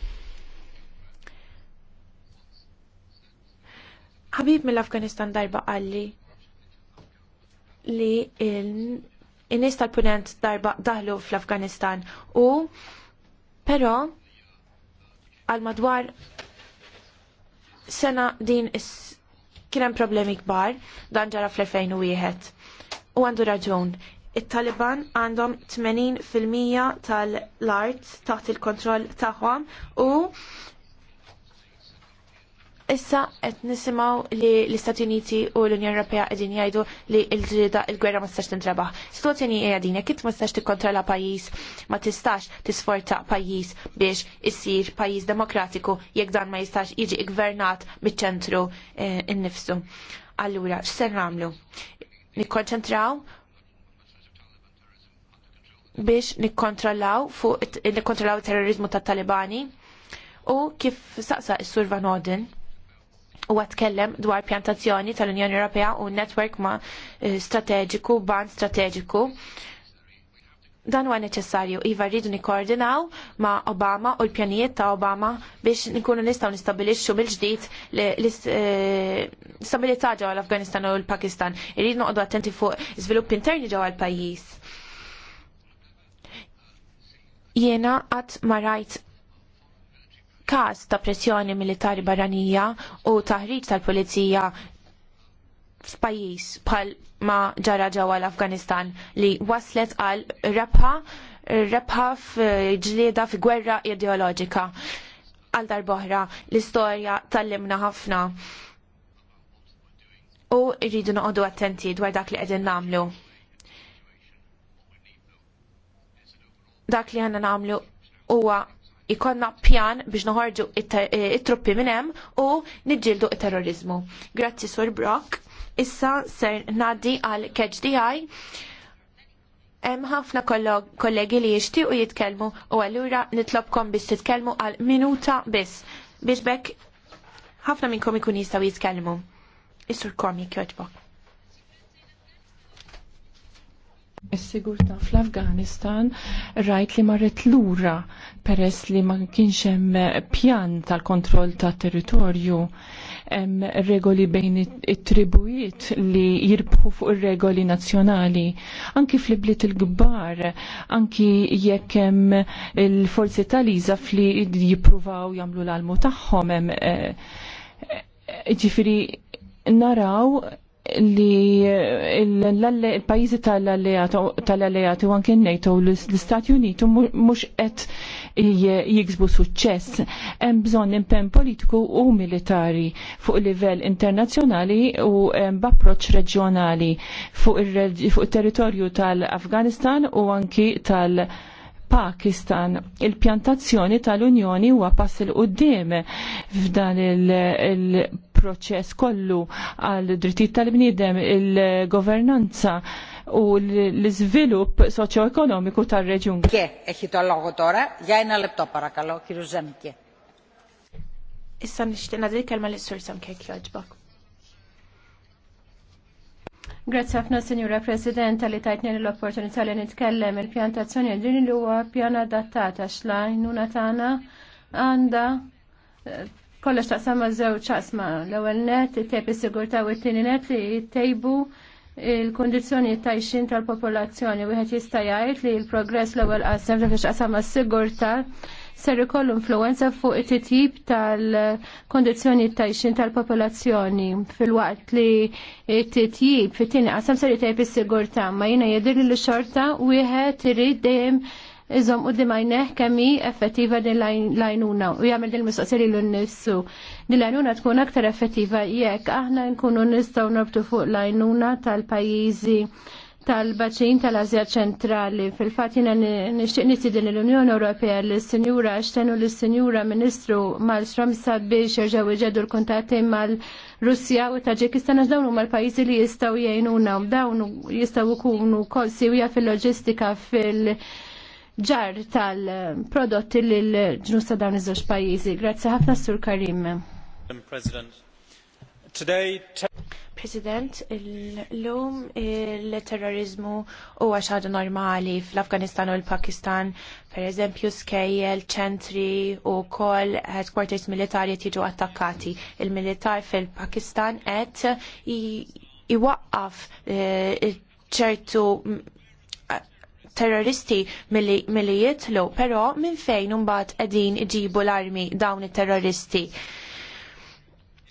ħabib mill-Afganistan darba għalli li il-nis tal-punent darba daħlu fl-Afganistan u pero għal madwar sena din kienem problemi kbar dan ġara fl-2001 u għandu raġun it-Taliban għandhom 80% tal-art taħt il-kontroll tagħhom u Issa qed nisimgħu li l-Istati Uniti u l-Unjoni Ewropea qegħdin jgħidu li l-ġrieda l-gwerra ma tistax tintrabaħ. Situazzjoni hija din jekk ma tistax tikkontrolla pajjiż, ma tistax tisforza pajjiż biex issir pajjiż demokratiku jekk dan ma jistax jiġi gvernat biċ-ċentru eh, innifsu. Allura, x'se nagħmlu? Nikkonċentraw biex nikkontrollaw fuq nikkontrollaw terrorizmu tat-Talibani u kif saqsa s-Sur Van Oden u għatkellem dwar pjantazzjoni tal-Unjoni Ewropea u netwerk ma eh, strateġiku, ban strateġiku. Dan huwa neċessarju, iva rridu nikkoordinaw ma' Obama u l-pjanijiet ta' Obama biex nkunu nistgħu nistabilixxu mill-ġdid l-istabilità eh, ġewwa l-Afganistan u l-Pakistan. Irridu noqogħdu attenti fuq żvilupp interni ġewwa l-pajjiż. Jiena qatt ma rajt każ ta' pressjoni militari barranija u taħriġ tal-pulizija f'pajjiż bħal ma ġara ġewwa l-Afganistan li waslet għal rebħa rebħa f'ġlieda f'gwerra ideoloġika. Għal darboħra l-istorja tal-limna ħafna u rridu noqogħdu attenti dwar dak li qegħdin nagħmlu. Dak li għandna nagħmlu huwa ikonna pjan biex noħorġu eh, it-truppi minn hemm u niġġieldu it-terrorizmu. Grazzi Sur Brock. Issa ser nadi għal KHDI. Hemm ħafna kollegi li jixtiequ jitkellmu u allura nitlobkom biex titkellmu għal minuta biss biex bekk ħafna minnkom ikun jistgħu jitkellmu. Is-sur Komi kjoġbok. Is-sigurtà fl-Afganistan rajt li marret lura peress li ma kienx hemm pjan tal-kontroll tat territorju hemm regoli bejn it-tribujiet li jirbħu fuq ir-regoli nazzjonali. Anki fl-ibliet il-gbar, anki jekk hemm il-forzi tal-iża fli jippruvaw jagħmlu l-almu tagħhom hemm eh, ġifieri naraw li il-pajizi tal-alleati u anke NATO l-Istati Unitu mhux qed jiksbu suċċess. Hemm bżonn impenn politiku u militari fuq livell internazzjonali u b'approċċ reġjonali fuq il territorju tal-Afganistan u anki tal-Afganistan Pakistan. Il-pjantazzjoni tal-Unjoni huwa pass il qudiem f'dan il-proċess kollu għal drittijiet tal-bniedem il-governanza u l-iżvilupp soċjoekonomiku tar-reġjun. l Issa nixtieq dil kelma l-sur samke kjoġbok. Grazzi ħafna Signora President li tajtni l-opportunità li nitkellem il-pjantazzjoni din li huwa pjana adattata għax l tagħna għandha eh, kollox taqsam ma' żewġ ċasma. L-ewwel net it-tejb is-sigurtà u t-tieni net li jtejbu il-kondizjoni tajxin tal-popolazzjoni wieħed jista' jgħid li l-progress l-ewwel qasem x'qasam biex qasam mas-sigurtà ser ikollu influenza fuq it-titjib tal-kondizjoni tajxin tal-popolazzjoni fil-waqt li it-titjib fit-tini għasam ser jitejb is-sigurta ma jina jidir li xorta wieħed irid dejjem iżom u dimajneħ kemmi effettiva din lajnuna u jgħamil din mistoqsiri l-nissu. Din lajnuna tkun aktar effettiva jekk aħna nkunu nistaw norbtu fuq lajnuna tal-pajizi tal-baċin tal-Azja ċentrali. Fil-fat jina nishtiq din l-Unjoni Ewropea l-Sinjura xtenu l-Sinjura Ministru Malstrom sabiex jirġaw iġedu l-kontatti mal-Russja u Taġikistan għax mal huma pajjiżi li jistgħu jgħinuna u dawn jistgħu jkunu kol siwja fil-loġistika fil-, fil ġar tal-prodotti li l-ġnus ta' dawn iż-żewġ pajjiżi. Grazzi ħafna Sur Karim. President, l-lum il-terrorizmu huwa għaxħadu normali fl-Afganistan u l-Pakistan, per eżempju skejjel, ċentri u kol headquarters militari tiġu attakkati. Il-militar fil-Pakistan qed iwaqqaf eh, ċertu terroristi milli jitlu, però minn fejn mbagħad qegħdin iġibu l-armi dawn it-terroristi.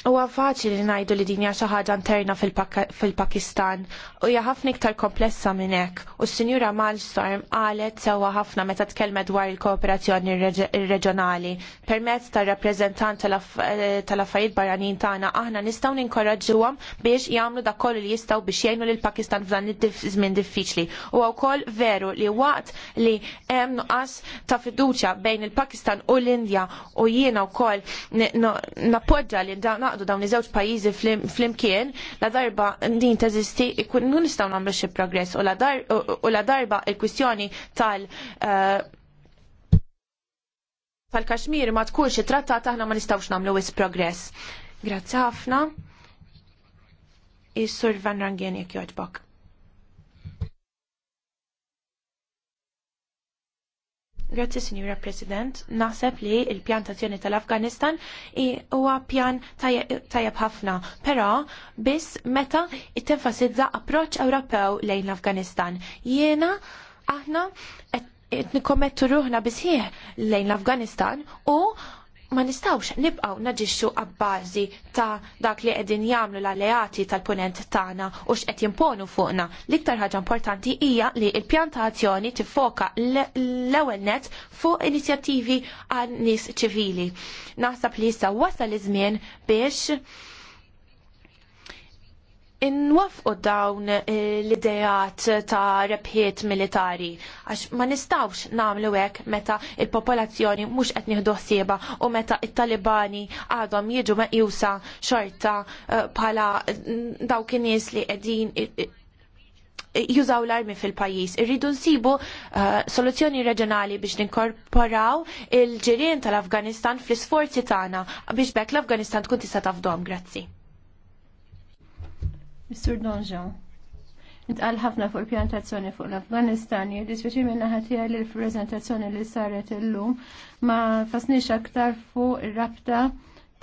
Huwa faċli li ngħidu li dinja xi ħaġa interna fil-Pakistan u hija ħafna iktar komplessa minn hekk. U s-Sinjura Malstorm qalet sewwa ħafna meta tkellmet dwar il-kooperazzjoni reġjonali permezz tar-rappreżentant tal-affarijiet barranin tagħna aħna nistgħu ninkoraġġuhom biex jagħmlu da kollu li jistgħu biex jgħinu lill Pakistan f'dan iż-żmien diffiċli. U wkoll veru li waqt li hemm nuqqas ta' fiduċja bejn il-Pakistan u l-Indja u jiena wkoll nappoġġa li dawn naqdu dawn iż-żewġ pajjiżi flimkien, la darba din teżisti ikun nistgħu nagħmlu xi progress u la darba il-kwistjoni tal- eh, tal-Kashmir ma tkunx trattata aħna ma nistgħux nagħmlu wis progress. Grazzi ħafna. Is-Sur Van Rangien jekk jogħġbok. Grazzi, Signora President. Naħseb li il tjoni tal-Afganistan huwa pjan tajjeb ħafna, però biss meta it-tenfasizza approċ Ewropew lejn l-Afganistan. Jiena aħna qed nikkommettu ruħna bisħieħ lejn l-Afganistan u ma nistawx nibqaw naġixxu abbażi ta' dak li qegħdin jagħmlu l-alleati tal-punent tagħna u x'qed jimponu fuqna. L-iktar ħaġa importanti hija li l-pjantazzjoni tiffoka l-ewwel net fuq inizjattivi għal nies ċivili. Naħseb li issa wasal iż-żmien biex inwafqu dawn eh, l-idejat ta' rebħiet militari għax ma nistawx namlu hekk meta il-popolazzjoni mhux qed nieħdu ħsieba u meta it-Talibani għadhom jiġu meqjusa xorta eh, bħala mm, dawk in-nies li qegħdin jużaw l-armi fil-pajis. Irridu nsibu eh, soluzzjoni reġjonali biex ninkorporaw il-ġirien tal-Afganistan fl-isforzi tagħna biex bekk l-Afganistan tkun tista' tafdom. Grazzi. Mr. Donjon. Intqal ħafna fuq il-pjantazzjoni fuq l-Afganistan, jiddispjaċi minna ħatija li l-prezentazzjoni li saret illum ma fasnix aktar fuq ir-rabta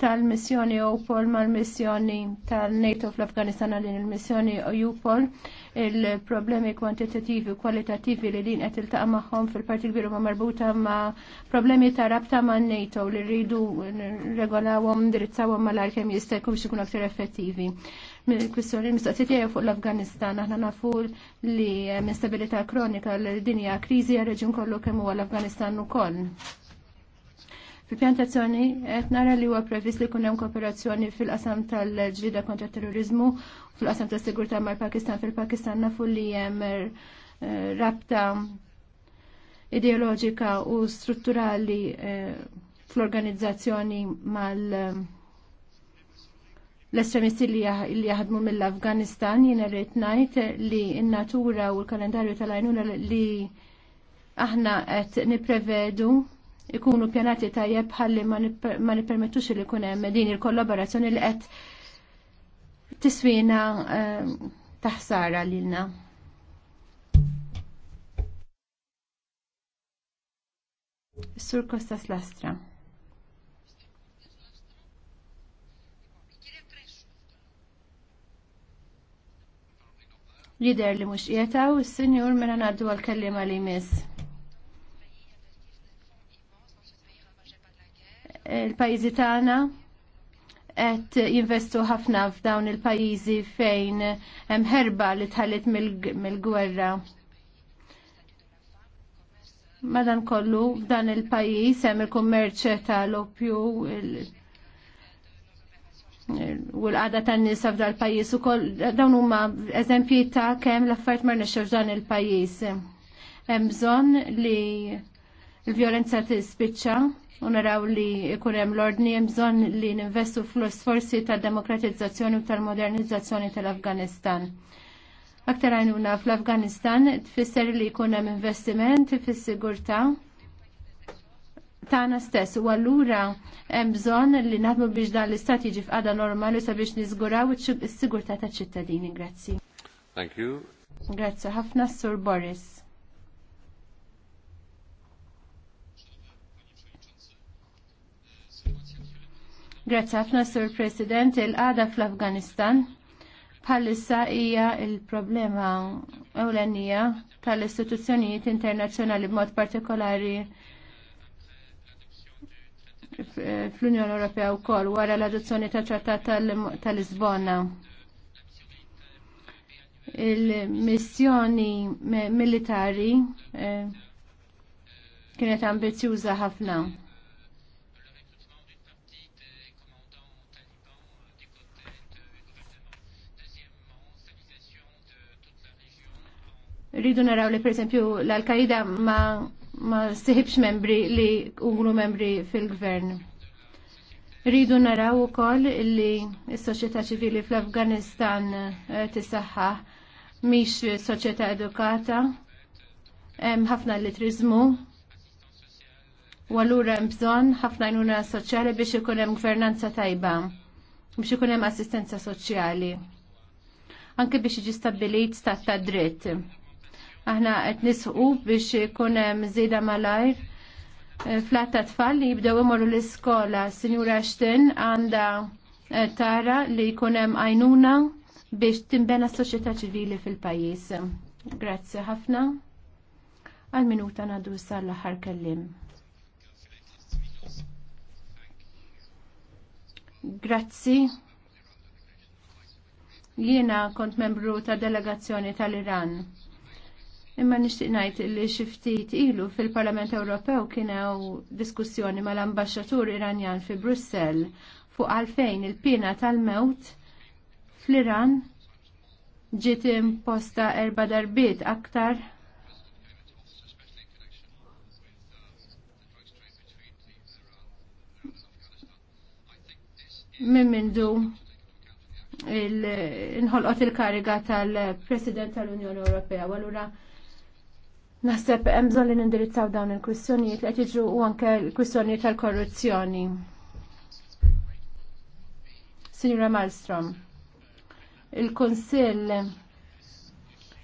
tal-missjoni UPOL mal-missjoni tal-NATO fl-Afganistan għalin il-missjoni UPOL il-problemi kwantitativi u kwalitativi li din qed iltaqa' magħhom fil-parti kbiru ma' marbuta ma' problemi ta' rabta ma' NATO li rridu regolawhom ndirizzawhom mal-arkem jista' jkunx ikun aktar effettivi mill-kwistjoni mistaqsiet jgħu fuq l-Afganistan. Aħna nafu li instabilità kronika l dinja kriżi għal reġun kollu kemm huwa l-Afganistan ukoll. Fil-pjantazzjoni qed nara li huwa previst li jkun hemm kooperazzjoni fil-qasam tal-ġlida kontra terrorizmu, fil-qasam tas-sigurtà mal-Pakistan fil-Pakistan nafu li hemm eh, rabta ideoloġika u strutturali eh, fl-organizzazzjoni mal- l-estremisti li jaħdmu mill-Afganistan jina rrid ngħid li n-natura u l-kalendarju tal-għajnuna li aħna qed nipprevedu ikunu pjanati tajjeb ħalli ma nippermettux li jkun hemm din il-kollaborazzjoni li qed tiswina ehm, taħsara lilna. Sur Kostas Lastra. Lider li mhux qiegħda u s-Sinjur mela ngħaddu għall-kellima li jmiss. Il-pajjiżi tagħna qed jinvestu ħafna f'dawn il-pajjiżi fejn hemm herba li tħallit mill-gwerra. Madan kollu f'dan il-pajjiż hemm il-kummerċ tal-opju, il u l-għada tan nisa f'dal pajis u koll dawn huma eżempji ta' kemm l-affarijiet ma rnexxew f'dan il-pajis. Hemm bżonn li l-vjolenza tispiċċa u naraw li jkun hemm l-ordni hemm bżonn li ninvestu fl-isforzi tad-demokratizzazzjoni u tal-modernizzazzjoni tal-Afganistan. Aktar għajnuna fl-Afganistan tfisser li jkun hemm investiment fis-sigurtà Tana stess u allura hemm bżonn li naħdmu biex dan l-istat jiġi f'qada normali sabiex niżguraw is sigurta ta' ċittadini Grazzi. Thank you. Grazzi ħafna Sur Boris. Grazzi ħafna Sur President il għada fl-Afganistan bħalissa hija il-problema ewlenija tal-istituzzjonijiet internazzjonali b'mod partikolari fl-Unjoni Ewropea wkoll wara l-adozzjoni ta' ċartat tal-Lisbona. Il-missjoni militari eh, kienet ambizjuża ħafna. Rridu naraw li per esempio l-Al-Qaida ma ma stiħibx membri li unglu membri fil-gvern. Rridu naraw ukoll li s-soċjetà ċivili fl-Afganistan eh, tisaħħa miex soċjetà edukata, hemm ħafna elitrizmu, u allura hemm bżonn ħafna jnuna soċjali biex ikun hemm gvernanza tajba, biex ikun hemm assistenza soċjali. Anke biex jiġi stabbilit stat ta' dritt Aħna qed nisqu biex ikun hemm żieda malajr eh, flatta tfal li jibdew imorru l-iskola. Sinjura Ashton għandha eh, tara li jkun hemm għajnuna biex timbena s-soċjetà ċivili fil-pajjiż. Grazzi ħafna. Għal minuta nadu sar l-aħħar kellim. Grazzi. Jiena kont membru ta' delegazzjoni tal-Iran. Imma nixtieq ngħid li xi ftit ilu fil-Parlament Ewropew kienew diskussjoni mal-ambaxxatur Iranjan fi Brussell fuq għalfejn il-pina tal-mewt fl-Iran ġiet imposta erba' darbiet aktar minn mindu il-inħolqot il-kariga tal-President tal-Unjoni Ewropea. Walura Naħseb hemm bżonn li nindirizzaw dawn il-kwistjonijiet li qed jiġu u anke l-kwistjonijiet tal-korruzzjoni. Signora Malmstrom, il-Kunsill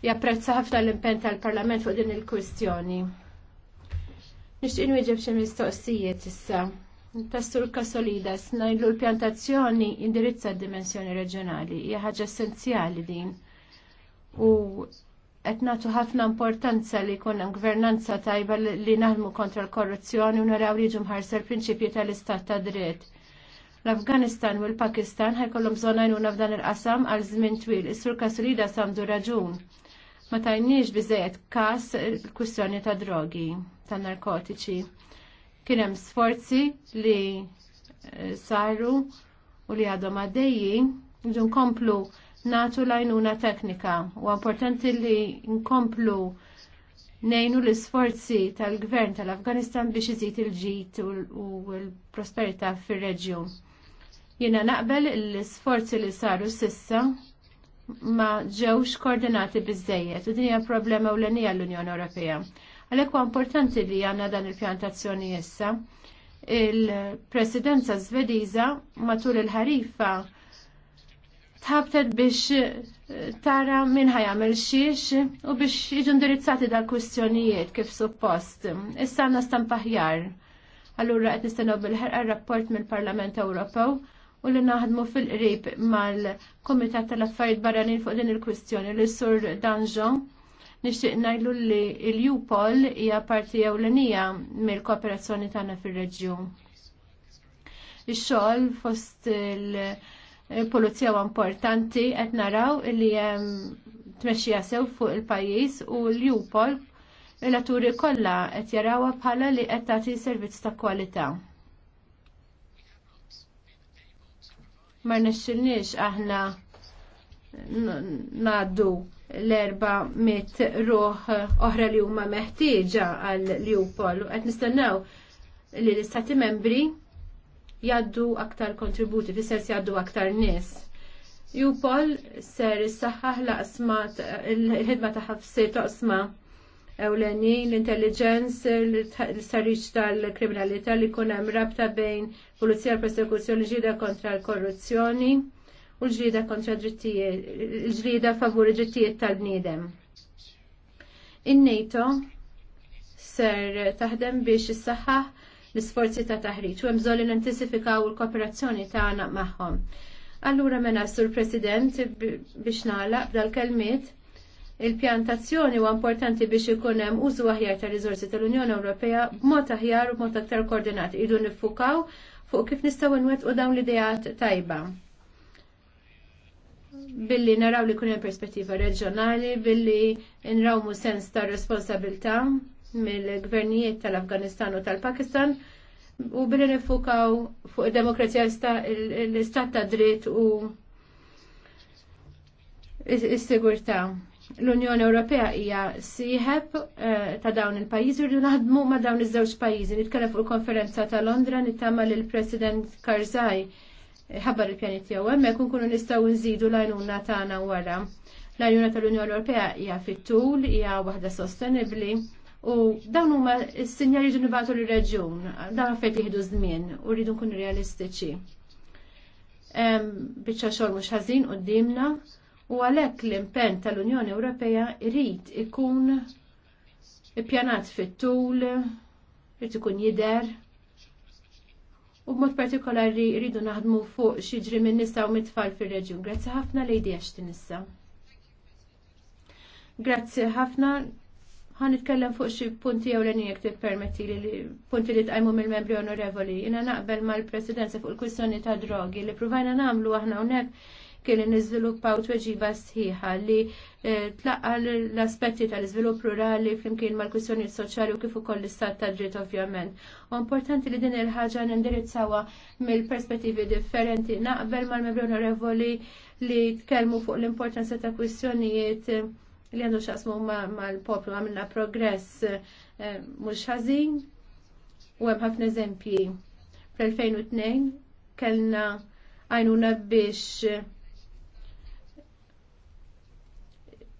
japprezza ħafna l-impenn tal-Parlament fuq din il-kwistjoni. Nixtieq inwieġeb xi mistoqsijiet issa. Tas-sur Kasolidas ngħidlu l-pjantazzjoni indirizza d-dimensjoni reġjonali hija ħaġa essenzjali din. U qed nagħtu ħafna importanza li hemm gvernanza tajba li naħdmu kontra l-korruzzjoni u naraw li ġumħarsa l-prinċipji tal-istat ta' dritt. L-Afganistan u l-Pakistan ħajkollhom żonajnuna f'dan il-qasam għal żmien twil, is-sur Kasurida samdu raġun. Ma tajniex biżejjed każ il-kwistjoni ta' drogi, ta' narkotiċi. Kien hemm sforzi li eh, saru u li għadhom għaddejjin, ġun komplu natu lajnuna teknika. U importanti li nkomplu nejnu l-isforzi tal-gvern tal-Afganistan biex iżid il-ġit u l-prosperità fir-reġjun. Jiena naqbel l-isforzi li saru sissa ma ġewx koordinati biżejjed u din hija problema u l-Unjoni Ewropea. Għalhekk huwa importanti li għandna dan il-pjantazzjoni issa. Il-Presidenza Svediża matul il-ħarifa tħabtet biex eh, tara minn ħajamel xiex u biex jiġu indirizzati dal kwistjonijiet kif suppost. Issa għanna stampaħjar. ħjar. Allura qed nistennew bil-ħerqa rapport mill-Parlament Ewropew u li naħdmu fil-qrib mal-Komitat tal-Affarijiet Barranin fuq din il-kwistjoni li sur Danjon nixtieq ngħidlu li l-UPOL hija parti ewlenija mill-kooperazzjoni tagħna fir-reġjun. Ix-xogħol fost il- il-polizija huwa importanti qed naraw li hemm tmexxija sew fuq il-pajjiż u l-Jupol il-atturi kollha qed jarawha bħala li qed tagħti servizz ta' kwalità. Ma nixxilniex aħna ngħaddu l-erba mit ruħ oħra li huma meħtieġa għal Liupol u qed nistennew li l-istati membri jaddu aktar kontributi, fisser se jaddu aktar nis. Jupol ser s-saħħaħ laqsma il-ħidma ta' ħafsi toqsma ewlenin, l-intelligence, l-sarriċ tal-kriminalità li kun hemm rabta bejn pulizija l-persekuzzjoni ġida kontra l-korruzzjoni u l-ġrida kontra drittijiet, l-ġrida favur drittijiet tal-bniedem. In-NATO ser taħdem biex s saħħa l-isforzi ta' taħriġ u hemm n li il-kooperazzjoni tagħna magħhom. Allura mena sur President biex nagħlaq b'dal-kelmiet il-pjantazzjoni huwa importanti biex ikun hemm użu aħjar ta' riżorsi tal-Unjoni Ewropea b'mod aħjar u b'mod aktar koordinat. Idu nifukaw fuq kif nistgħu nwettqu dawn l-idejat tajba billi naraw li kunem perspettiva reġjonali, billi nrawmu sens ta' responsabilta' mill-gvernijiet tal-Afganistan u tal-Pakistan u billi nifukaw fuq id-demokrazija l-istat ta' dritt u is-sigurtà. L-Unjoni Ewropea hija siħeb eh, ta' dawn il-pajjiżi u naħdmu ma' dawn iż-żewġ pajjiżi. Nitkellem fuq il-konferenza ta' Londra nittama lil President Karzaj ħabbar il-pjani tiegħu hemmhekk inkunu nistgħu nżidu l-għajnuna tagħna wara. L-għajnuna tal-Unjoni Ewropea hija fit-tul, hija waħda sostenibbli. U dawn huma s-sinjali li nibgħatu lir-reġjun, dawn affarijiet jieħdu żmien u rridu nkunu realistiċi. Biċċa xogħol mhux ħażin qudiemna u għalhekk l-impenn tal-Unjoni Ewropea jrid ikun ippjanat fit-tul, jrid ikun jidher. U b'mod partikolari rridu naħdmu fuq ġri minn nisa u mit-tfal fir-reġjun. Grazzi ħafna lejdi għax tinissa. Grazzi ħafna ħan nitkellem fuq xi punti jew l-għeni jek tippermetti li punti li tqajmu mill-membri onorevoli. Jina naqbel mal-presidenza fuq il-kwistjoni ta' drogi li provajna nagħmlu aħna hawnhekk kien niżviluppaw tweġiba sħiħa li eh, tlaqqa l-aspetti tal-iżvilupp rurali flimkien mal-kwistjoni soċjali u kif ukoll l-istat ta' dritt ovvjament. U importanti li din il-ħaġa nindirizzawa mill-perspettivi differenti naqbel mal-membri onorevoli li tkellmu fuq l-importanza ta' kwistjonijiet li għandu xaqsmu mal-poplu għamilna progress eh, mux ħazin u hemm ħafna eżempji. Fl-2002 kellna għajnuna biex eh,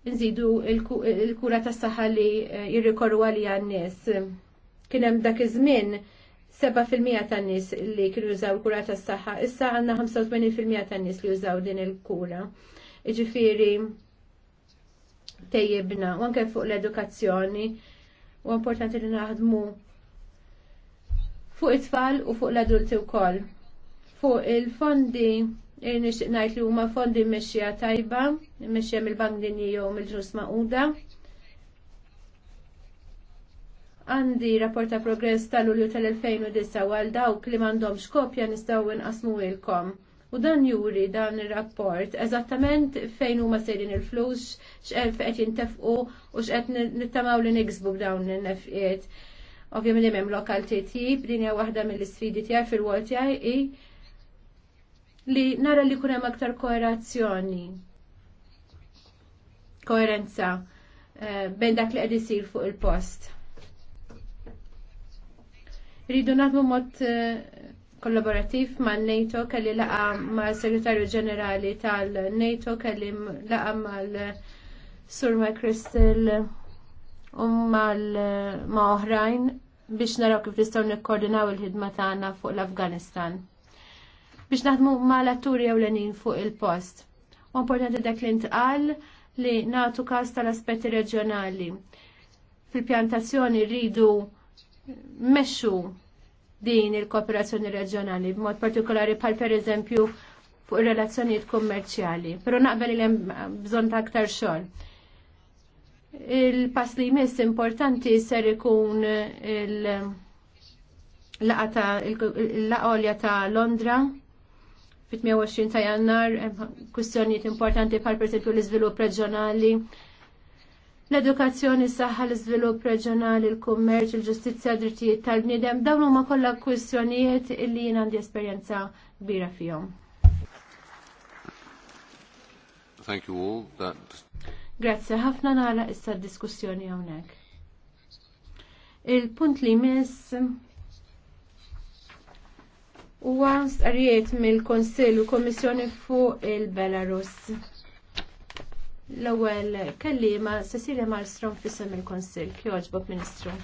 nżidu il-kura tas saħħa li eh, jirrikorru għalli għannis. nies Kien hemm dak iż-żmien 7% tan-nies li kienu jużaw kura tas saħħa issa għandna 85% tan-nies li jużaw din il-kura. Ġifieri, tejjibna, u anke fuq l-edukazzjoni, u importanti li naħdmu fuq it-tfal u fuq l-adulti wkoll. Fuq il-fondi eh, nixtieq ngħid li huma fondi mmexxija tajba, mmexxija mill-Bank Dinji jew mill-Ġus Maquda. Għandi rapport ta' progress tal-Ulju tal-2009 għal dawk li m'għandhomx kopja nistgħu inqasmu ilkom U dan juri dan ir-rapport eżattament fejn huma sejrin il-flus, x'qed qed jintefqu u x'qed nittamaw li niksbu b'dawn in-nefqiet. Ovvjament hemm lokal titjib, din hija waħda mill-isfidi tiegħi fil-wol tiegħi li nara li kun hemm aktar koerazzjoni. Koerenza eh, bejn dak li qed isir fuq il-post. Rridu nagħmlu mod eh, kollaborattiv ma' NATO kelli laqa ma' segretarju ġenerali tal-NATO kelli laqa ma' Sur McChrystal u ma' oħrajn biex naraw kif nistgħu nikkoordinaw il-ħidma tagħna fuq l-Afganistan. Biex naħdmu mal atturi ewlenin fuq il-post. U importanti dak li ntqal li nagħtu każ tal-aspetti reġjonali. Fil-pjantazzjoni rridu mexxu din il-kooperazzjoni reġjonali, b'mod partikolari per pereżempju fuq relazzjonijiet kummerċjali. Però naqbel li hemm bżonn ta' aktar xogħol. Il-pass li jmiss importanti ser ikun il-laqolja ta' Londra fit-28 ta' jannar, kwistjonijiet importanti pal per l-iżvilupp reġjonali, L-edukazzjoni, s-saħħa, l-iżvilupp reġjonali, l-kummerċ, il-ġustizzja, drittijiet tal-bniedem, dawn huma kollha kwistjonijiet li jien għandi esperjenza kbira fihom. Thank you all. That... Grazie ħafna nara issa diskussjoni hawnhekk. Il-punt li miss huwa għans mill konsil u Kommissjoni fuq il-Belarus l-ewwel kelliema Cecilia Malmstrom fis-sem il-Konsil. Kjoġbok Ministru.